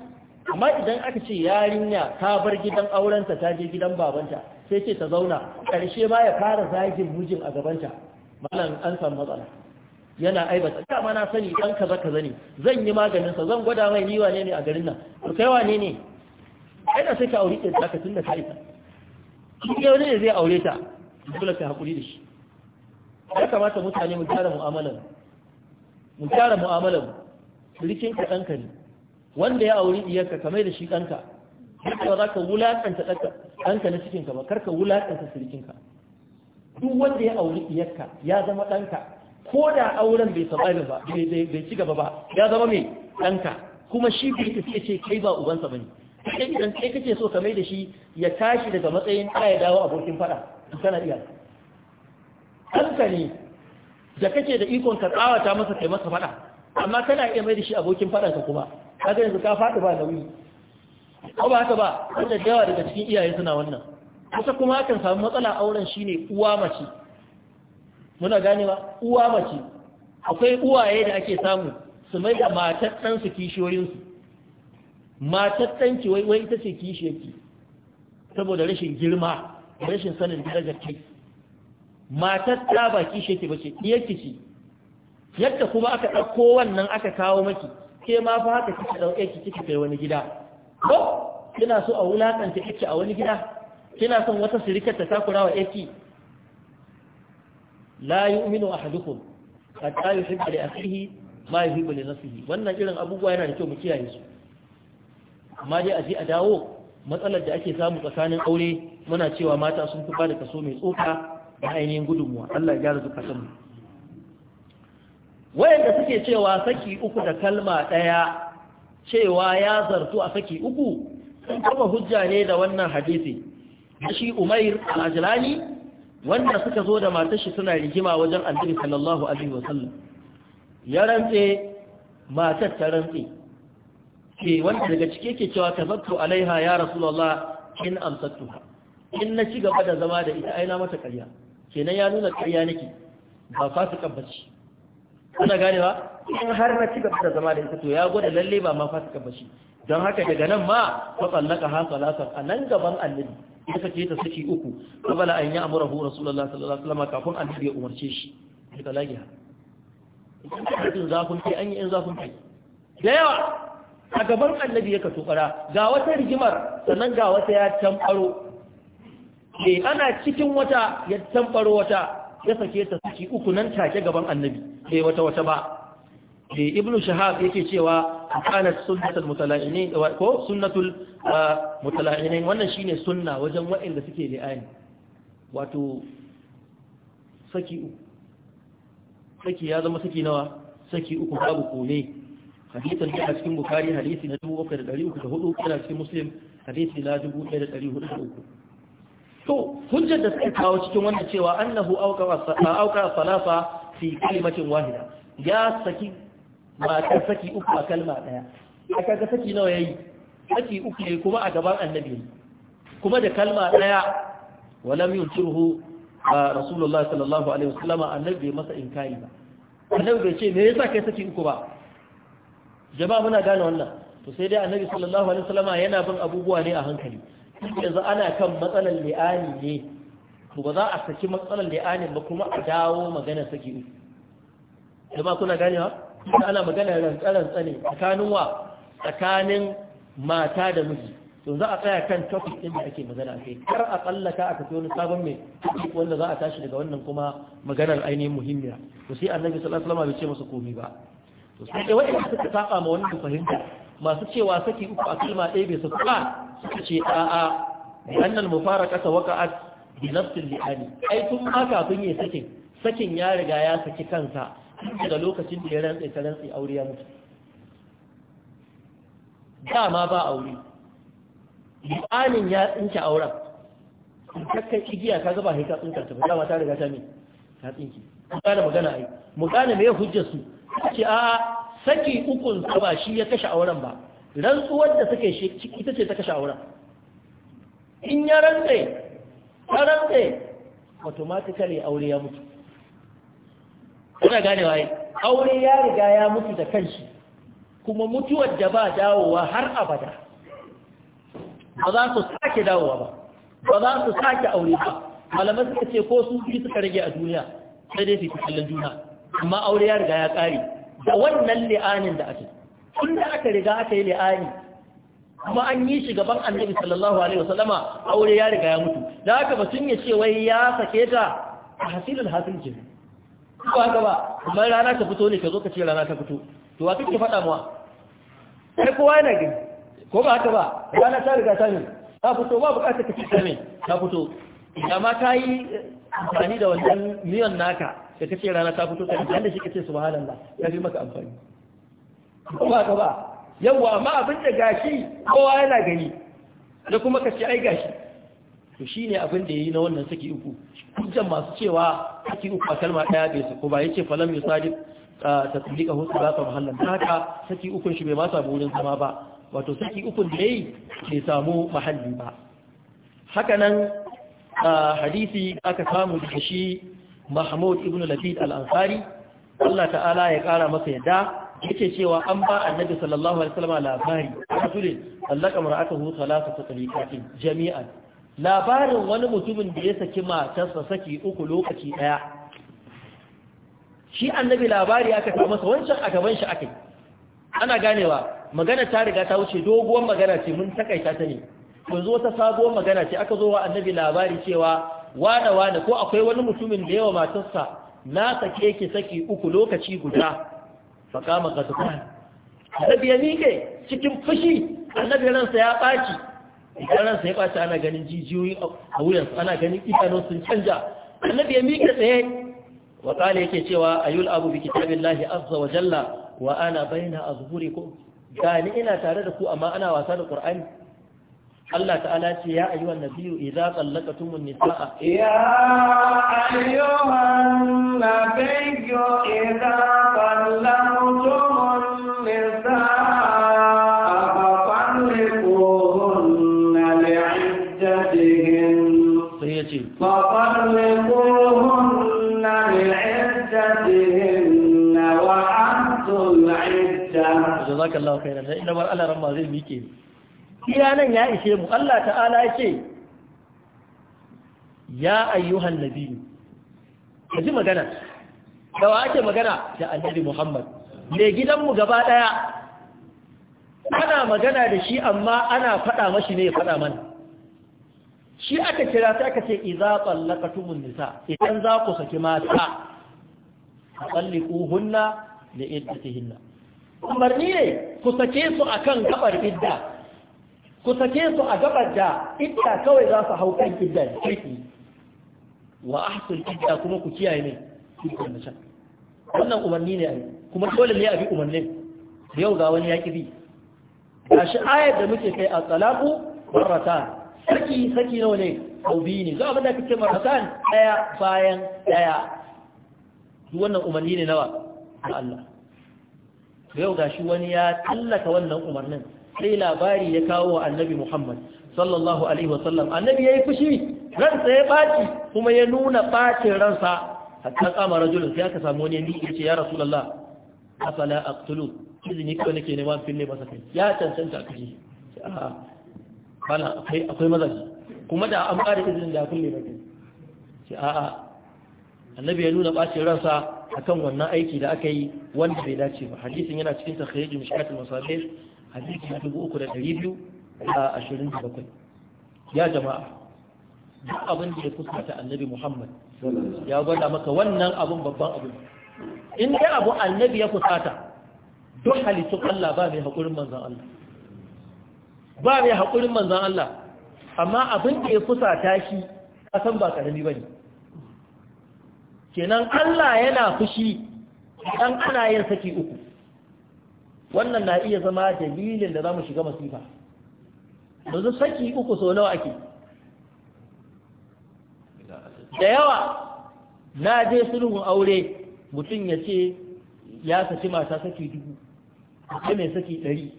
amma idan aka ce yarinya ta bar gidan aurenta ta je gidan babanta sai ce ta zauna karshe ma ya fara zagin mijin a gabanta malam an san matsala yana aibata dama na sani dan kaza kaza ne zan yi maganin sa zan gwada mai niwa ne a garin nan to kai wane ne kai da sai ka aure ta ka tunda kai ta shi ne zai aure ta dole sai haƙuri da shi ya kamata mutane mu gyara mu'amalar mu gyara mu'amalar rikin ka ɗanka ne wanda ya auri iyaka kamar da shi ɗanka duk da za ka wulaƙanta ɗanka na cikinka ba kar ka wulaƙanta sirikinka duk wanda ya auri iyaka ya zama ɗanka ko da auren bai survive ba bai ci gaba ba ya zama mai ɗanka kuma shi bai ce kai ba ubansa ba ne kai idan kai kake so ka mai da shi ya tashi daga matsayin ya dawo abokin fada kana iya kanka ne da kake da ikon ka tsawata masa kai masa fada amma kana iya mai da shi abokin fada ka kuma kaga yanzu ka fadi ba nauyi ko ba haka ba wanda da yawa daga cikin iyaye suna wannan kusa kuma hakan samu matsala auren shine uwa mace muna ganewa uwa mace akwai uwaye da ake samu su mai da matar ɗansu kishiyoyinsu Matattanci wai wai ita ce kishiyarki saboda rashin girma rashin sanin darajar kai matar ta ba kishiyarki ba ce iya kici. yadda kuma aka ɗauko wannan aka kawo maki ke ma fa haka kika ɗauke ki kika kai wani gida ko kina so a wulakanta kike a wani gida kina son wata sirikar ta takura wa yake la yu'minu ahadukum hatta yuhibba li akhihi ma yuhibbu li nafsihi wannan irin abubuwa yana da kyau mu kiyaye su amma dai a je a dawo matsalar da ake samu tsakanin aure muna cewa mata sun fi bada kaso mai tsoka da ainihin gudunmuwa Allah ya gyara zukatan wayanda suke cewa saki uku da kalma ɗaya cewa ya zartu a saki uku sun kama hujja ne da wannan hadisi shi Umair al-Ajlani wanda suka zo da matar shi suna rigima wajen Annabi sallallahu alaihi wasallam ya rantse matar ta rantse ke wanda daga cike ke cewa tazattu alaiha ya rasulullah in amsattuha in na ci gaba da zama da ita aina mata ƙarya kenan ya nuna ƙarya nake ba fasikan ce. kana gane ba in har na ci gaba da zama da ita to ya gwada lalle ba ma fasikan ce. don haka daga nan ma fa tsallaka ha salatan a nan gaban annabi ya sake ta saki uku kabala an yi amurahu rasulullah sallallahu alaihi wasallam kafin annabi ya umarce shi ya talaki ha idan zafin kai an yi in zafin kai da yawa a gaban annabi ya kaso ga wata rigimar sannan ga wata ya tambaro eh ana cikin wata ya tambaro wata ya sake ta saki uku nan take gaban annabi eh wata wata ba eh ibn shahab yake cewa kana sunnatul mutala'inin ko sunnatul ah, mutala'inin wannan shine sunna wajen wa'inda suke li'ani wato saki uku saki ya zama saki nawa saki uku babu kome hadisin yana cikin bukari hadisi na 3,304 yana cikin muslim hadisi na 1,403 to hujjar da suka kawo cikin wannan cewa annahu auka salafa fi kalimatin wahida ya saki matar saki uku a kalma daya Aka ga saki nawa yayi saki uku ne kuma a gaban annabi kuma da kalma daya walam yunkiruhu rasulullahi sallallahu alaihi wasallam annabi masa inkari ba annabi bai ce me yasa kai saki uku ba jama'a muna gane wannan to sai dai annabi sallallahu alaihi wasallama yana bin abubuwa ne a hankali yanzu ana kan matsalar li'ani ne to ba za a saki matsalar li'anin ba kuma a dawo magana saki uku jama'a kuna ganewa da ana magana rantsa-rantsa ne tsakanin wa tsakanin mata da miji to za a tsaya kan topic din da ake magana kai kar a tsallaka a tafi wani sabon mai wanda za a tashi daga wannan kuma maganar ainihin muhimmiya to sai annabi sallallahu alaihi wasallam bai ce masa komai ba to sai da wa'anda suka saba ma wannan fahimta masu cewa saki uku a kalma ɗaya bai su ba suka ce a annal mufarakata waqa'at bi nafsil ali ai tun ma kafin ya sakin sakin ya riga ya saki kansa daga lokacin da ya rantsa ta rantsi aure ya mutu dama ba aure li'anin ya tsinke auren kakkai igiya ka gaba sai ka ta dama ta riga ta ne ta tsinke mu gane magana ai mu gane me hujjar su ce a saki ukun ba shi ya kashe auren ba rantsuwar da suke shi ita ce ta kashe auren in ya rantse ta rantse automatically aure ya mutu kuna gane waye aure ya riga ya mutu da kanshi kuma mutuwar da ba dawowa har abada ba za su sake dawowa ba ba za su sake aure ba malamai suka ce ko su biyu suka rage a duniya sai dai su kallon juna amma aure ya riga ya ƙari da wannan li'anin da ake tun da aka riga aka yi li'ani kuma an yi shi gaban annabi sallallahu alaihi wasallama aure ya riga ya mutu da haka ba sun ce wai ya sake ta a hasilul hasil ce ko haka ba kuma rana ta fito ne ka zo ka ce rana ta fito to wa kike faɗa mawa sai kowa yana gani ko ba haka ba rana ta riga ta ne ta fito ba bukatar ka ce ta ne ta fito amma ta yi amfani da wannan miyan naka da ka ce rana ta fito ta da da shi ka ce subhanallah ya fi maka amfani kuma ka ba yawa amma abin da gashi kowa yana gani da kuma ka ce ai gashi to ne abin da yi na wannan saki uku hujjan masu cewa saki uku a kalma ɗaya bai su ko ba ta falam yusadib ba hu salatu mahallan haka saki ukun shi bai ma samu wurin zama ba wato saki ukun da ya yi bai samu mahalli ba haka nan hadisi aka samu da shi mahmud ibn labid al-ansari Allah ta'ala ya kara masa yadda yake cewa an ba annabi sallallahu alaihi wasallam labari rasulin allaka mar'atuhu thalathatu tariqatin jami'an labarin wani mutumin da ya saki matarsa saki uku lokaci daya shi annabi labari aka kawo masa wancan a gaban shi akai ana ganewa magana ta riga ta wuce doguwar magana ce mun takaita ta ne yanzu wata sabuwar magana ce aka zo wa annabi labari cewa wane wane ko akwai wani mutumin da yawa matarsa na sake ki saki uku lokaci guda fa kama annabi ya mike cikin fushi annabi ransa ya baci idan ransa ya baci ana ganin jijiyoyi a wuyansa ana ganin idanun sun canja annabi ya mike tsaye wa yake cewa ayul abu bi kitabillahi azza wa jalla wa ana baina azhurikum gani ina tare da ku amma ana wasa da qur'ani Allah ta'ala ce ya ayyuhan nabiyyu idza tallaqtumun nisaa ya ayyuhan nabiyyu idza tallaqtumun nisaa فطلقوهن لعدتهن فطلقوهن لعدتهن وأحصوا العدة جزاك الله idan إنما أنا رمى غير ميكي iyanan ya ishe mu Allah ta'ala ya ce ya ayyuhan nabi ka ji magana da wa ake magana da annabi Muhammad me gidanmu gaba daya ana magana da shi amma ana faɗa mashi ne ya faɗa mana shi aka kira ta aka ce idza tallaqatumun nisa idan za ku saki mata talliquhunna li iddatihinna umarni ne ku sake su akan gabar idda ku sake su a gabar da ita kawai za su hau kan idda da kirki wa ahsul idda kuma ku kiyaye ne kirkin can. wannan umarni ne ai kuma dole ne a bi umarnin yau ga wani yaki bi Ga shi ayar da muke kai a talaku marata. saki saki nawa ne sau biyu ne a bada kake marata daya bayan daya duk wannan umarni ne nawa ga Allah yau gashi wani ya tallata wannan umarnin sai labari ya kawo wa annabi Muhammad sallallahu alaihi wasallam annabi yayi fushi ransa ya baci kuma ya nuna bacin ransa hatta kama rajulun sai aka samu wani ya yace ya rasulullah afala aqtulu izini ko nake ma, finne ba kai ya cancanta kaji bala akwai akwai mazaji kuma da an bada izinin da fille maka sai a'a annabi ya nuna bacin ransa akan wannan aiki da aka yi wanda bai dace ba hadisin yana cikin takhrijul mishkat al-masabih hadisi na dubu uku da ɗari biyu a ashirin da bakwai ya jama'a duk abin da ya fuskata annabi muhammad ya gwada maka wannan abin babban abu. in dai abu annabi ya fusata duk halittun allah ba mai haƙurin manzan allah ba mai haƙurin manzan allah amma abin da ya fusata shi kasan ba ƙarami ba ne kenan allah yana fushi idan ana yin saki uku wannan na iya zama dalilin da za mu shiga masifa yanzu saki uku so nawa ake da yawa na je sulhun aure mutum ya ce ya saki mata saki dubu akwai mai saki ɗari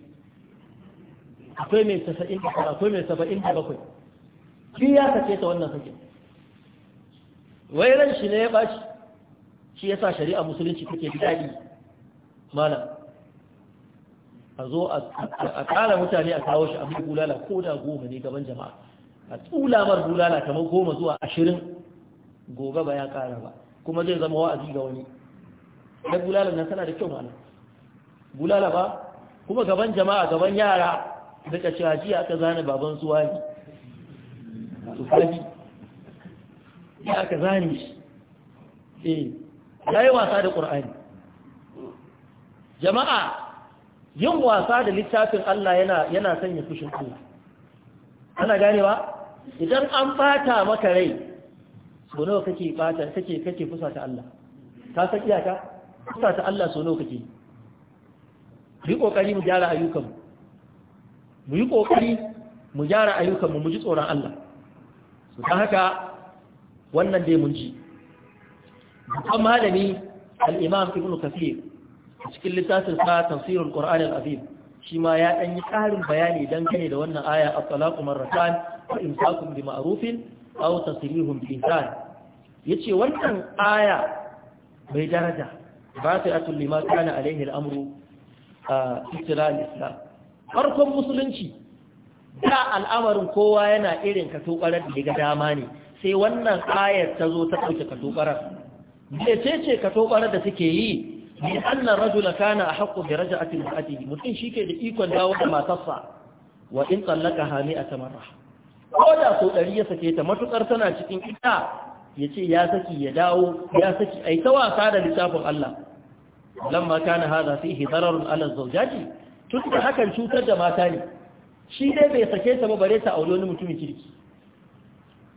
akwai mai tasa'in da akwai mai saba'in da bakwai shi ya sake ta wannan sakin wai ran shi ne ya ɓaci shi ya sa shari'a musulunci take daɗi malam a zo a kara mutane a kawo shi a mai bulala ko da goma ne gaban jama'a a tsulamar mar bulala kamar goma zuwa ashirin gobe ba ya kara ba kuma zai zama wa'azi ga wani Na bulala na tana da kyau mana bulala ba kuma gaban jama'a gaban yara daga cewa jiya aka zane baban su ne su fadi ya aka zane shi eh ya yi wasa da ƙur'ani jama'a yin wasa da littafin Allah yana sanya fushin ku. ana gane ba, idan an bata maka rai so nawa kake fata kake kake fusata Allah ka san iyaka fusata Allah so nawa kake yi kokari mu gyara ayyukan mu yi kokari mu gyara ayyukan mu ji tsoron Allah so haka wannan dai mun ji amma malami al-imam ibnu kathir cikin littafin sa tafsirul qur'an al-azim shi ma ya dan yi karin bayani dangane da wannan aya at-talaqu marratan wa imsakum bi ma'rufin aw tasrihum bi ihsan yace wannan aya mai daraja basi'atul lima kana alaihi al-amru a islam farkon musulunci da al'amarin kowa yana irin ka tokarar da ga dama ne sai wannan ayar ta zo ta ɗauke ka tokarar ce ce ka tokarar da suke yi bi anna rajula kana ahqqu bi raj'ati imra'atihi mutum shike da ikon dawo da matarsa wa in tallaqaha mi'ata marra ko da so dari ya sake ta matukar tana cikin ita yace ya saki ya dawo ya saki ai ta wasa da littafin Allah lamma kana hadha fihi dararun ala zawjati tunda hakan cutar da mata ne shi dai bai sake ta ba bare ta aure wani mutumin kirki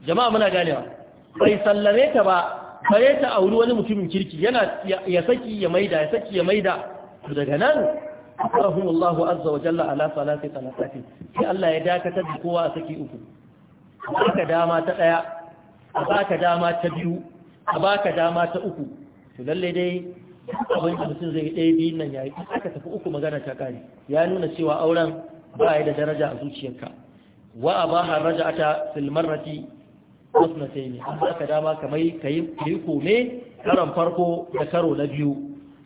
jama'a muna ganewa bai sallame ta ba kare ta auri wani mutumin kirki yana ya saki ya maida ya saki ya maida to daga nan rahum Allah azza wa jalla ala salati talafati sai Allah ya dakatar da kowa a saki uku baka dama ta daya a baka dama ta biyu a baka dama ta uku to lalle dai abin da mutum zai dai biyun nan yayi aka tafi uku magana ta kare ya nuna cewa auren ba ya da daraja a zuciyarka wa abaha raja'ata fil marrati wasu sai ne an baka dama kamai kayi kome karon farko da karo na biyu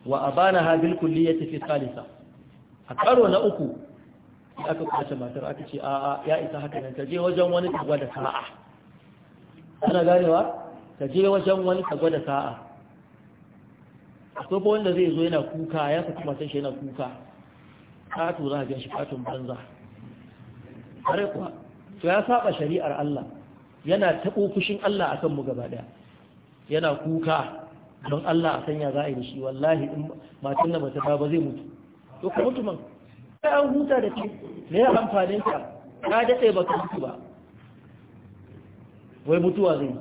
wa abana ha bil kulliyati fi salisa a karo na uku aka kwace matar aka ce a a ya isa haka nan taje wajen wani ka gwada sa'a ana ganewa taje wajen wani ka gwada sa'a akwai wanda zai zo yana kuka ya saka matar shi yana kuka ka tura gan shi katun banza har kuwa to ya saba shari'ar Allah yana taɓo fushin Allah akan mu gaba ɗaya. yana kuka don Allah a sanya za a yi da shi wallahi in matan na bata ba zai mutu to ka mutu man sai an huta da ke me ya amfanin ka ka daɗe ba ka mutu ba wai mutuwa zai yi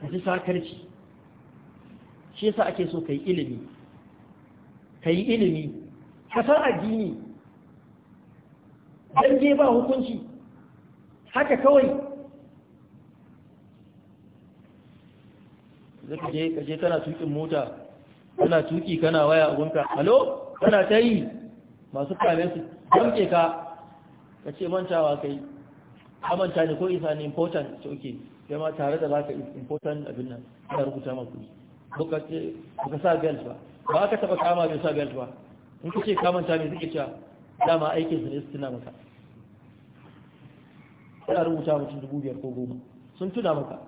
ka ji sakarci shi yasa ake so ka yi ilimi ka yi ilimi ka san addini dan je ba hukunci haka kawai zaka je ka je kana tukin mota kana tuki kana waya a gunka. halo kana ta yi masu kame su damke ka ka ce mantawa kai amanta ne ko isa ne important to okay sai ma tare da baka important abin nan ana rubuta ma kuɗi baka ce baka sa belt ba ba ka taba kama bai sa belt ba in kace ka manta ne suke cewa dama aikin su ne su maka suna rubuta mutum dubu biyar ko goma sun tuna maka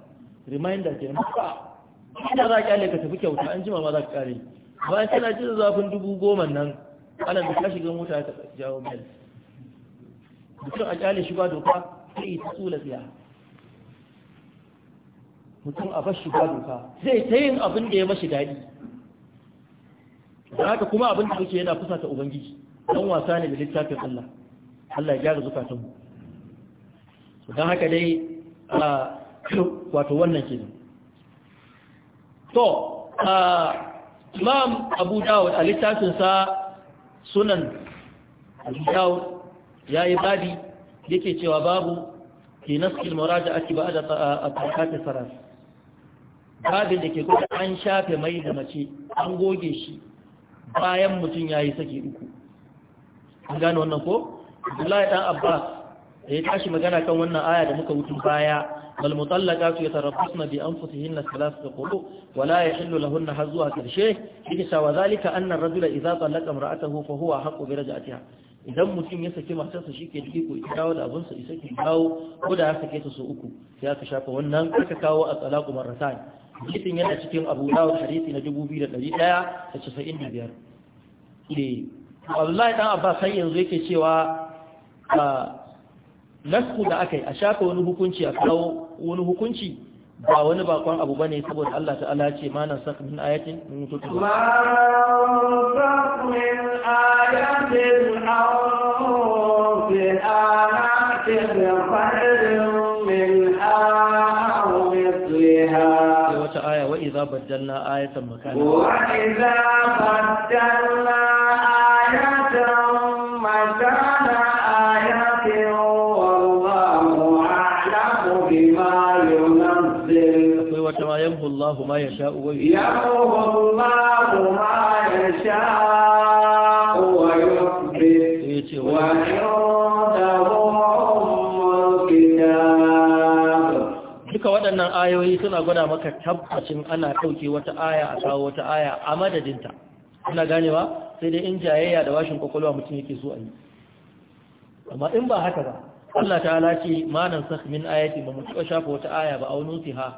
reminder ke maka ina za ka kyale ka tafi kyauta an jima ma za ka kare bayan kana jin zafin dubu goma nan ana da ka shiga mota ka jawo bel mutum a kyale shi ba doka sai ta tsula tsiya mutum a bashi ba doka zai ta yin abin da ya mashi daɗi da haka kuma abin da kuke yana fusata ubangiji dan wasa ne da littafin Allah Allah ya gyara zukatanmu don haka dai a wato wannan ne. to imam abu dawud a littafinsa sunan abu dawud ya yi babi yake cewa babu ke naskil muraja ake ba da tsarkata saras babin da ke kuma an shafe mai da mace an goge shi bayan mutum ya yi sake uku an gane wannan ko? Abdullahi ɗan Abbas da ya tashi magana kan wannan aya da muka wutu baya bal mutallaqatu yatarabbasna bi anfusihinna thalathata qulu wa la yahillu lahunna hazwa karshe yake sawa zalika anna ar-rajula idha talaqa imra'atahu fa huwa haqqu bi raj'atiha idan mutum ya saki matarsa shike ke ko ita dawo da abun sa isa ki kawo ko da ya sake ta so uku sai aka shafa wannan aka kawo a talaqu marratan kitin yana cikin Abu Dawud hadisi na 2195 eh Abdullahi dan Abbas sai yanzu yake cewa ah, nasku da aka yi a shafe wani hukunci a kawo wani hukunci ba wani bakon abu bane saboda Allah ta'ala ce manan nan sak min ayatin min tutu ma sak min ayatin aw fi ayatin fa'ilun min aw mithliha wata aya wa idza badalna ayatan makana wa idza badalna ayatan الله ما يشاء يمحو الله ما يشاء ويثبت وعنده duka waɗannan ayoyi suna gwada maka tabbacin ana ɗauke wata aya a kawo wata aya a madadinta gane ganewa sai dai in jayayya da washin kwakwalwa mutum yake so a yi amma in ba haka ba Allah ta ce manan sakh min ayati ba mu shafa wata aya ba ha.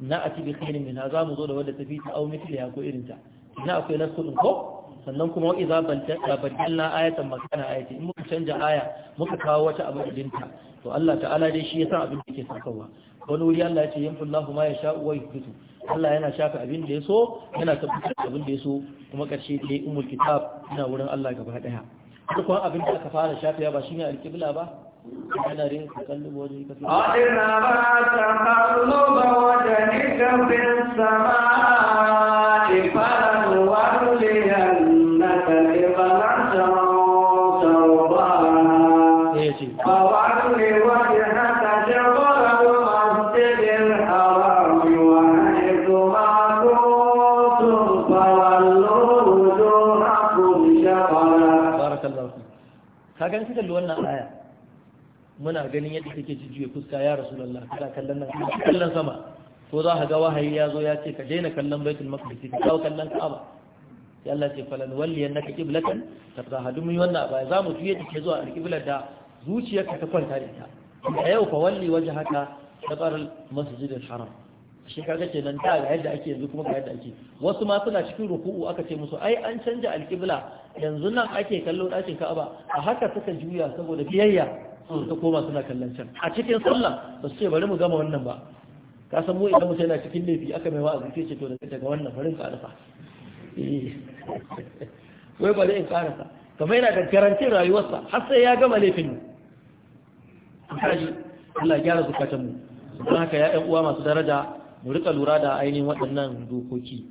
na a cikin khairin min za mu zo da wadda tafi ta au mithliha ko irin ta na akwai nasu ko sannan kuma idza badalna ayatan makana ayati in muka canja aya muka kawo wata abu dinta to Allah ta'ala dai shi san abin da ke sakawa wani wuri Allah ya ce yamhullahu ya yasha'u wa yuthbitu Allah yana shafa abin da ya so yana tabbatar da abin da ya so kuma ƙarshe dai umul kitab ina wurin Allah gaba daya duk wani abin da aka fara shafiya ba shine alƙibla ba kadarin ka kalli wajen ka sama. Ɗan na ba ta halu ba wajen ikafin sama, ifalan wale na kalli ba na sama sau ba. Yes, kagan kika da wannan muna ganin yadda kake jijjiye fuska ya rasulullah kana kallon nan kallon sama to za ka ga wahayi ya zo ya ce ka daina kallon baitul maqdis ka kawo kallon ka'aba sai Allah ce falan walli annaka qiblatan tazahadu mu wannan ba za mu tuye take zuwa alqiblar da zuciyarka ta kwanta da ita a yau fa walli wajhaka shatar al-masjid al-haram shi kaga ce nan da ga yadda ake yanzu kuma ga yadda ake wasu ma suna cikin ruku'u aka ce musu ai an canja alqibla yanzu nan ake kallo dakin ka'aba a haka suka juya saboda biyayya ta koma suna kallon can a cikin sallah ba su ce bari mu gama wannan ba ka san mu idan mutum yana cikin laifi aka mai wa'azi ce to daga wannan bari ka eh. arfa wai bari in karasa kamar yana da garantin rayuwarsa har sai ya gama laifin ne kaji Allah gyara zukatan mu don haka ya ɗan uwa masu daraja mu rika lura da ainihin waɗannan dokoki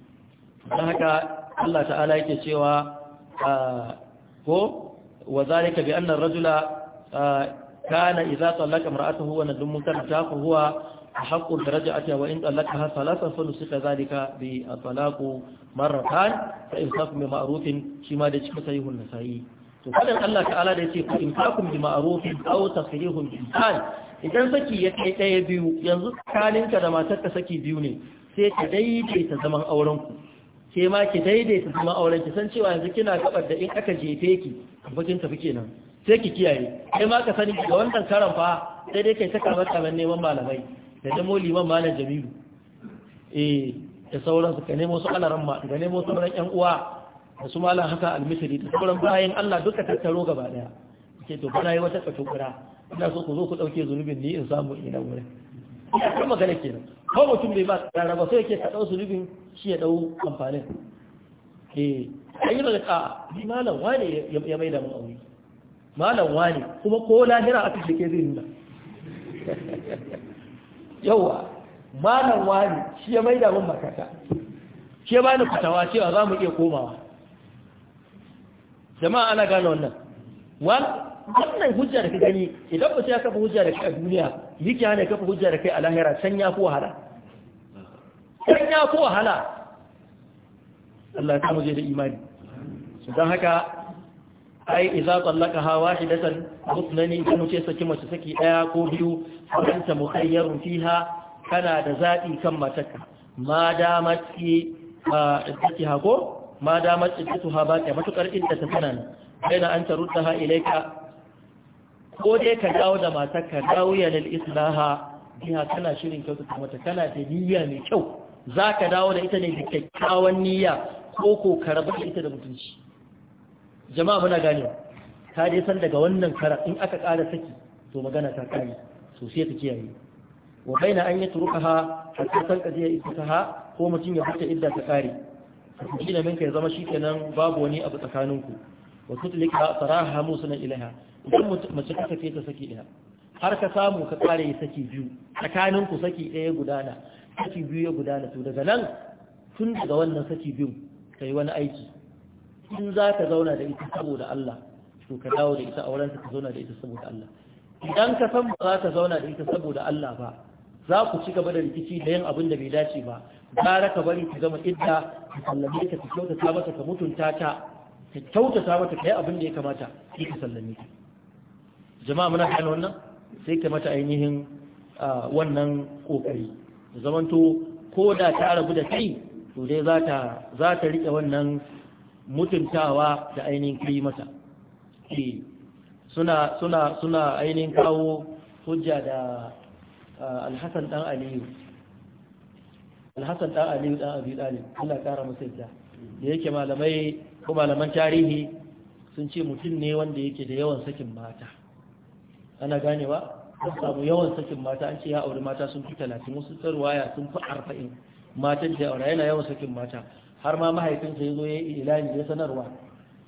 don haka Allah ta'ala yake cewa ah, ko wa zalika bi anna rajula ah, kana idza talaka imra'atuhu wa nadum mutalaka huwa haqqu darajati wa in talaka thalathan fa nusika zalika bi at-talaqu marratan fa in saqu bi ma'rufin kima da cikin sahihun nasai to kallan Allah ta'ala da ce in saqu bi ma'rufin aw tasrihun bi tal idan saki ya kai daya biyu yanzu kalinka da matar ka saki biyu ne sai ka daidaita zaman auren ku ma ki daidaita zaman auren ki san cewa yanzu kina gabar da in aka jefe ki bakin bakinta fike nan sai ki kiyaye sai ma ka sani ga wannan karan fa sai dai kai ta kamar ban neman malamai da nemo liman malam jabiru eh da sauran su, ka nemo su alaran ma ka nemo sauran yan uwa da su malam haka almisiri da sauran bayan Allah duka tattaro gaba daya ke to bana yi wata katokura ina so ku zo ku dauke zulubin ni in samu ina wurin ina kuma magana kenan ko mutum bai ba tsara ba sai yake ka dau zunubin shi ya dau amfanin eh ayyuka ni malam wane ya mai da mu aure malam wani kuma ko lahira aka shi ke zai nuna yawa malam wani shi ya maida min makata shi ya bani fatawa cewa za mu iya komawa jama'a ana gane wannan wannan hujja da ka gani idan ba sai ya kafa hujja da kai a duniya yake hana kafa hujja da kai a lahira can ya fi wahala can ya fi wahala Allah ya je da imani don haka ai idza ha wahidatan mutlani idan ce saki mace saki daya ko biyu fa anta mukhayyarun fiha kana da zabi kan mataka ma a ki ha ko ma damat iddatuha ba ta matukar inda ta tana baina an taruddaha ilayka ko dai ka dawo da matarka dawo ya lil islaha biha kana shirin kyautata mata kana da niyya mai kyau zaka dawo da ita ne da kyakkyawan niyya ko ko ka rabu ita da mutunci jama'a muna gane ka dai san daga wannan kara in aka ƙara saki to magana ta kare so sai ta kiyaye wa baina an yi turukaha hatta san ya je ha ko mutum ya fita idda ta kare shi da minka ya zama shi kenan babu wani abu ku wa tutlika saraha musunan ilaha idan mace ka sake ta saki ɗaya har ka samu ka kare saki biyu tsakaninku saki ɗaya gudana saki biyu ya gudana to daga nan tun daga wannan saki biyu kai wani aiki in za ka zauna da ita saboda Allah to ka dawo da ita auren ka zauna da ita saboda Allah idan ka san ba za ka zauna da ita saboda Allah ba za ku ci gaba da rikici da yin abin da bai dace ba gara ka bari ka gama idda ka sallame ta ka kyautata mata ka mutunta ta ka ta mata ka yi abin da ya kamata ki ka sallame ta jama'a muna kan wannan sai ka mata ainihin wannan kokari zamanto ko da ta rabu da kai to dai za ta za ta rike wannan mutuntawa da ainihin kai mata suna suna suna ainihin kawo hujja da ah, alhassan dan aliyu alhassan dan aliyu dan abi dalib suna kara masa da yake malamai ko malaman tarihi sun ce mutum ne wanda yake da yawan sakin mata ana ganewa an samu yawan sakin mata an ce ya auri mata sun fi talatin wasu tsarwaya sun fi arfa'in matan da aura yana yawan sakin mata har ma mahaifinsa ya zo ya yi ilani ya sanarwa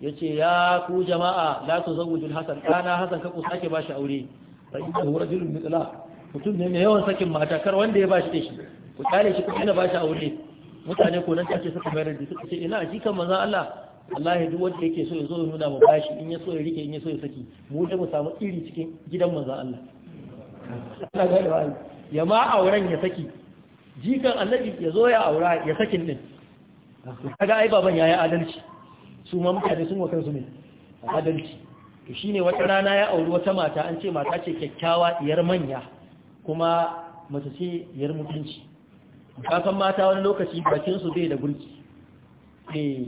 ya ce ya ku jama'a la zan wujin hasan kana hasan ka ku sake ba shi aure ba inna hu jirin mithla mutum ne mai yawan sakin mata kar wanda ya ba shi shi ku kyale shi ku ina ba shi aure mutane ko nan ce suka bayar da suka ce ina jikan manzon Allah wallahi duk wanda yake so ya zo nuna mu bashi in ya so ya rike in ya so ya saki mu da mu samu iri cikin gidan manzon Allah Allah ga ya ma auren ya saki jikan annabi ya zo ya aura ya sakin din kaga ai baban yayi adalci su ma mutane sun wakar su ne adalci to shine wata rana ya auri wata mata an ce mata ce kyakkyawa iyar manya kuma mace ce iyar mutunci Kafan mata wani lokaci bakin su bai da gurki eh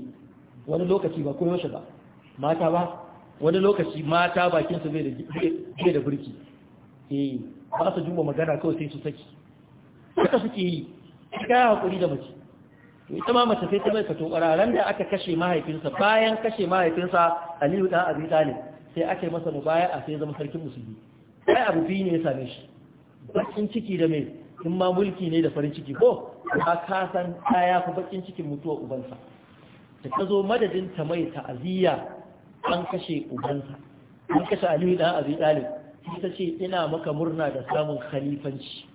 wani lokaci ba koyo shi ba mata ba wani lokaci mata bakin su bai da gurki eh ba su juma magana kawai sai su saki haka suke yi ka hakuri da mace ita ma mace sai ta mai fito ƙwararren da aka kashe mahaifinsa bayan kashe mahaifinsa aliyu ɗan abin talib sai ake yi masa mubaya a sai zama sarkin musulmi kai abu biyu ne ya same shi bakin ciki da mai in ma mulki ne da farin ciki ko ba ka san ɗaya fi bakin cikin mutuwar ubansa da ta zo madadin ta mai ta'aziyya an kashe ubansa an kashe aliyu ɗan abin talib sai ta ce ina maka murna da samun khalifanci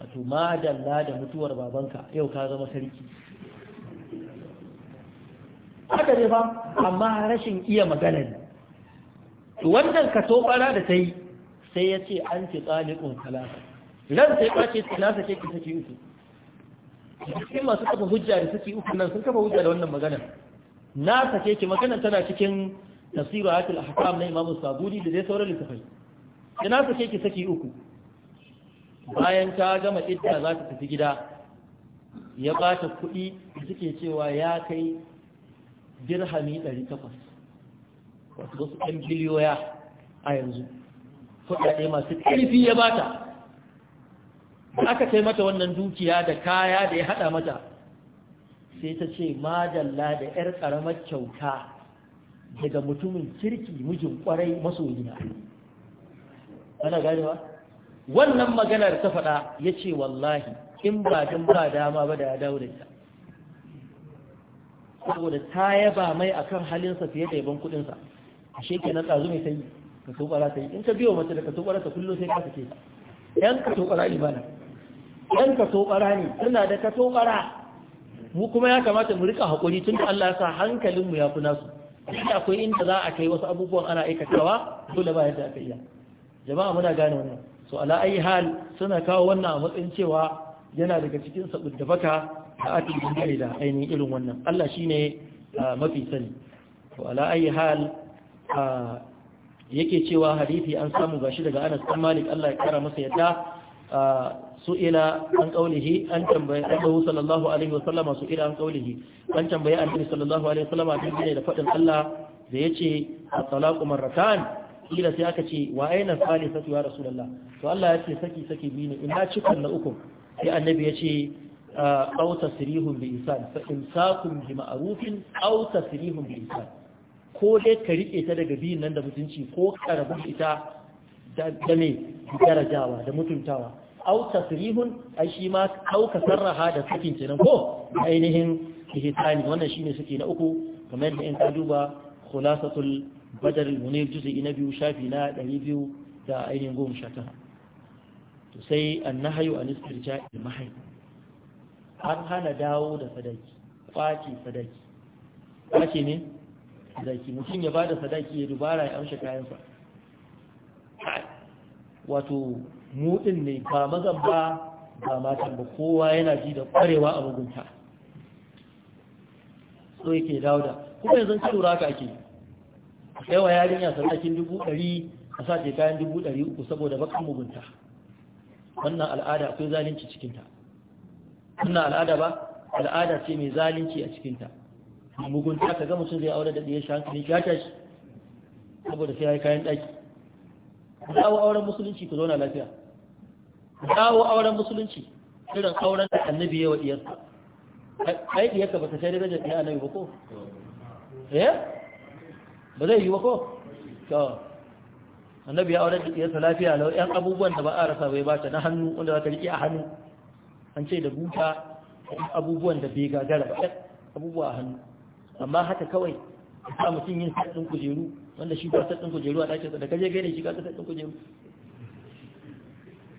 wato madalla da mutuwar babanka yau ka zama sarki haka ne ba amma rashin iya magana ne wannan ka to tobara da kai, sai ya ce an ce tsalikun talaka ran sai ce talaka ce ki saki uku cikin masu kafa hujja da saki uku nan sun kafa hujja da wannan magana na sake ki maganar tana cikin tafsiru ayatul ahkam na imamu sabuni da dai sauran littafai da na sake ki saki uku bayan ta gama idda za ta tafi gida ya ba ta kuɗi da suke cewa ya kai dirhami 800 wasu wasu ɗan biliyoya a yanzu kuɗaɗe masu ƙarfi ya bata da aka kai mata wannan dukiya da kaya da ya haɗa mata sai ta ce majalla da 'yar ƙaramar kyauta daga mutumin kirki mijin ƙwarai masoyina ana ba. wannan maganar ta faɗa ya ce wallahi in ba don ba dama ba da ya dawo da ita saboda ta yaba mai a kan halinsa fiye da yaban kudinsa a sheke na tsazu mai sai ka tobara ta yi in ka biyo mace da ka tobara ta kullum sai ka sake ta yan ka ba na. yan ka tobara ne suna da ka tobara mu kuma ya kamata mu rika haƙuri tun da Allah ya sa hankalinmu ya fi nasu duk akwai inda za a kai wasu abubuwan ana aikatawa dole ba yadda aka iya jama'a muna gane wannan so ala ayi hal suna kawo wannan a matsayin cewa yana daga cikin sabudda baka da ake dangane da ainihin irin wannan Allah shi ne mafi sani to ala ayi hal yake cewa hadisi an samu gashi daga Anas Ɗan Malik Allah ya kara masa yadda su'ila an kaulihi an tambaye annabi sallallahu alaihi wa wasallama su'ila an kaulihi an tambaye annabi sallallahu alaihi wasallama dangane da faɗin Allah da ya ce at-talaqu marratan kila sai aka ce wa aina salisatu ya rasulullah to Allah ya ce saki saki bi ne ina cikan na uku sai annabi ya ce aw tasrihum bi isan fa imsakum bi ma'rufin aw tasrihum bi ko dai ka rike ta daga biyin nan da mutunci ko karabu ita da me darajawa da mutuntawa aw tasrihun ai shi ma aw ka sarraha da sakin kenan ko ainihin ihsani wannan shine suke na uku kamar da in ka duba khulasatul badar munir juz'i na biyu shafi na 200 da ainihin goma sha tara to sai a an istirja mahai an hana dawo da sadaki kwace sadaki kwace ne sadaki mutum ya bada sadaki ya dubara ya amsha kayansa wato mudin ne ba mazan ba ba matan ba kowa yana ji da kwarewa a mugunta so yake dawo da kuma yanzu cikin raka ka ake yi sai wa yarinya sadakin dubu ɗari a sace kayan dubu ɗari uku saboda bakan mugunta wannan al'ada akwai zalunci cikinta wannan al'ada ba al'ada ce mai zalunci a cikinta mugunta ka gama mutum zai aure da ɗaya shi hankali shata shi saboda sai ya yi kayan ɗaki dawo auren musulunci ku zauna lafiya dawo auren musulunci irin auren da annabi yawa diyarsa ai diyarka ba ta sai darajar ɗaya annabi ba ko eh ba zai yi ba ko to annabi ya aure da diyarsa lafiya lau yan abubuwan da ba a rasa bai bata na hannu wanda za ka riƙe a hannu an ce da buta abubuwan da bai gagara ba abubuwa a hannu amma haka kawai sa mutum yin sassan kujeru wanda shi ba sassan kujeru a ɗakinsa da kaje gaida shi ka sassan kujeru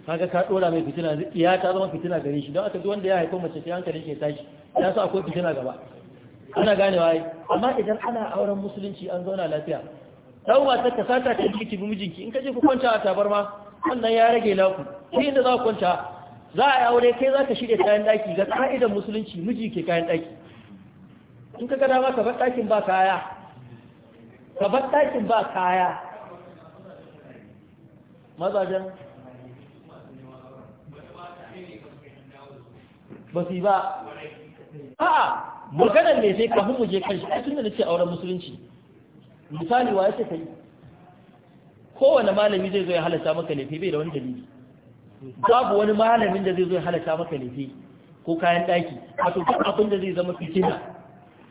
kaga ka dora mai fitina ya ta zama fitina gare shi don aka duk wanda ya haifar mace sai hankalin ke tashi ya sa akwai fitina gaba ana gane waye amma idan ana auren musulunci an zauna lafiya dan wata ta sata ta miki mijinki in ka je ku kwanta a tabarma wannan ya rage laku shi inda za ku kwanta za a yi aure kai za ka shirya kayan daki ga ka'idar musulunci miji ke kayan daki in ka gada ma ka bar dakin ba kaya ka bar dakin ba kaya mazajen ba su yi ba a'a maganar ne sai kafin mu je kai a tunda nace auren musulunci misali wa yace kai kowane malami zai zo ya halatta maka laifi bai da wani dalili babu wani malamin da zai zo ya halatta maka laifi ko kayan daki wato duk abin da zai zama fitina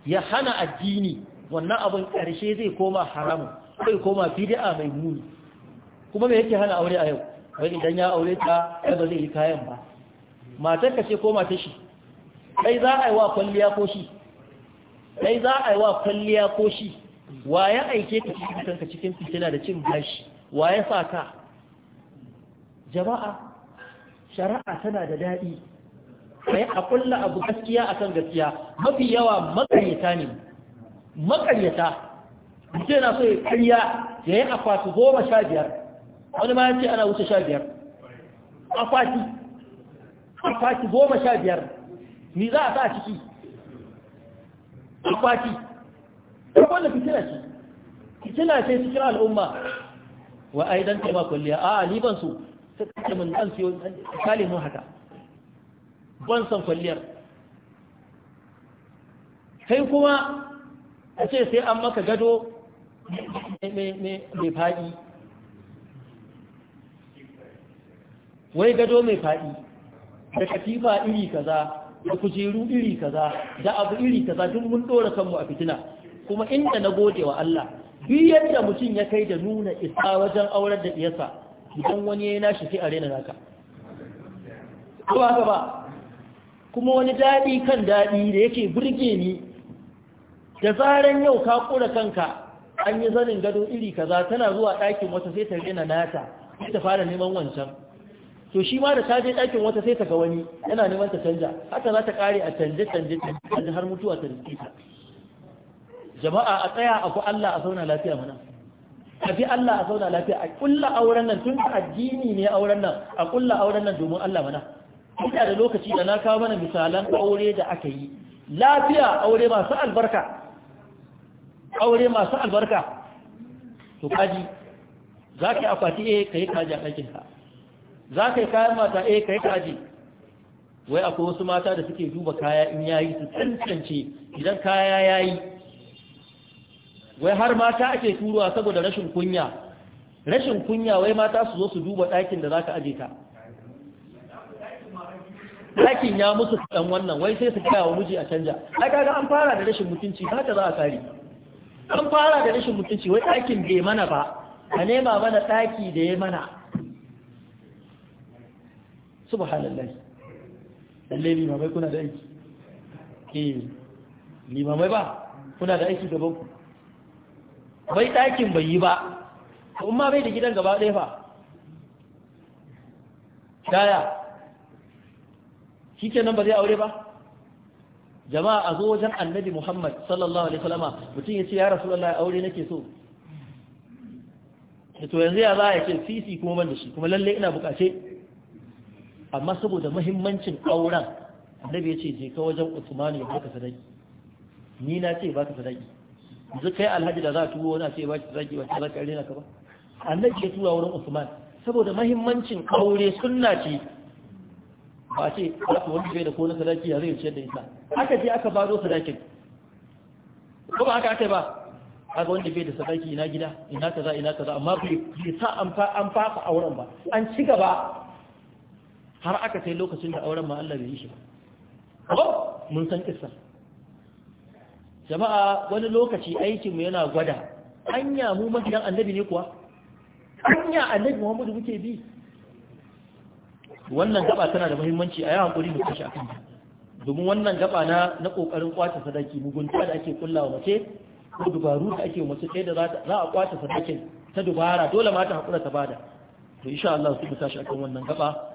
ya hana addini wannan abin karshe zai koma haramun zai koma bid'a mai muni kuma me yake hana aure a yau wai idan ya aure ta ba zai yi kayan ba matar ka ce ko matar shi kai za a yi wa kwalliya ko shi kai za a yi wa kwalliya ko shi wa ya aike ka cikin kanka cikin fitila da cin bashi wa ya sa ka jama'a shari'a tana da daɗi sai a kulla abu gaskiya akan gaskiya mafi yawa makaryata ne makaryata mutum na so ya karya ya yi akwati goma sha biyar wani ma ya ce ana wuce sha biyar akwati akwati goma sha biyar ni za a sa ciki akwati duk da fitina ce fitina ce cikin al'umma wa a yi don ba kulliya a ni ban so sai kace mun dan siyo kale mun haka ban san kulliyar kai kuma a ce sai an maka gado mai faɗi wai gado mai faɗi da katifa iri kaza da kujeru iri kaza da abu iri kaza duk mun dora kanmu a fitina kuma inda na gode wa Allah bi yadda mutum ya kai da nuna isa wajen aurar da iyasa idan wani ya nashi sai a rena naka ko haka ba kuma wani daɗi kan daɗi da yake burge ni da zaran yau ka kura kanka an yi zanin gado iri kaza tana zuwa ɗakin wata sai ta rena nata sai ta fara neman wancan to shi ma da ta je ɗakin wata sai ta ga wani yana neman ta canja haka za ta ƙare a canje canje canje har mutuwa ta rike ta jama'a a tsaya a ku Allah a zauna lafiya mana a fi Allah a zauna lafiya a kulla auren nan tun addini ne auren nan a kulla auren nan domin Allah mana ina da lokaci da na kawo mana misalan aure da aka yi lafiya aure masu albarka aure masu albarka to kaji za ka yi akwati eh ka yi kaji a ɗakinka za ka yi kayan mata eh ka yi kaji wai akwai wasu mata da suke duba kaya in ya yi su tantance idan kaya ya yi? wai har mata ake turuwa saboda rashin kunya rashin kunya wai mata su zo su duba ɗakin da za ka aje ta ɗakin ya musu ɗan wannan wai sai su kaya wa miji a canja ai kaga an fara da rashin mutunci haka za a kare an fara da rashin mutunci wai ɗakin bai mana ba a nema mana ɗaki da ya mana subhanallah lalle limamai kuna da aiki eh limamai ba kuna da aiki gaban ku bai ɗakin bai yi ba kuma bai da gidan gaba ɗaya ba daya shi nan ba zai aure ba jama'a a zo wajen annabi muhammad sallallahu alaihi salama mutum ya ce ya rasu lallai aure nake so to yanzu ya za a yake sisi kuma ban da shi kuma lalle ina bukace amma saboda muhimmancin auren annabi ya ce je ka wajen Usman ya baka sadaki ni na ce baka sadaki yanzu kai alhaji da za a tuwo na ce baki sadaki wacce za ka rena ka ba annabi ya tura wurin Usman saboda muhimmancin aure sunna ce ba ce wato wani bai da ko na sadaki ya zai ciyar da ita aka je aka bado sadakin ko ba aka aka ba kaga wanda bai da sadaki ina gida ina kaza ina kaza amma bai sa an fa an fafa auren ba an ci gaba har aka kai lokacin da auren ma Allah bai yi shi ba mun san kissa jama'a wani lokaci aikinmu yana gwada anya mu mafiyan annabi ne kuwa anya annabi muhammadu muke bi wannan gaba tana da muhimmanci a yi hankuri mu kashi akan domin wannan gaba na na kokarin kwace sadaki mugunta da ake kullawa mace ko dubaru da ake mace sai da za a kwace sadakin ta dubara dole mata hakura ta bada to insha Allah su mu tashi akan wannan gaba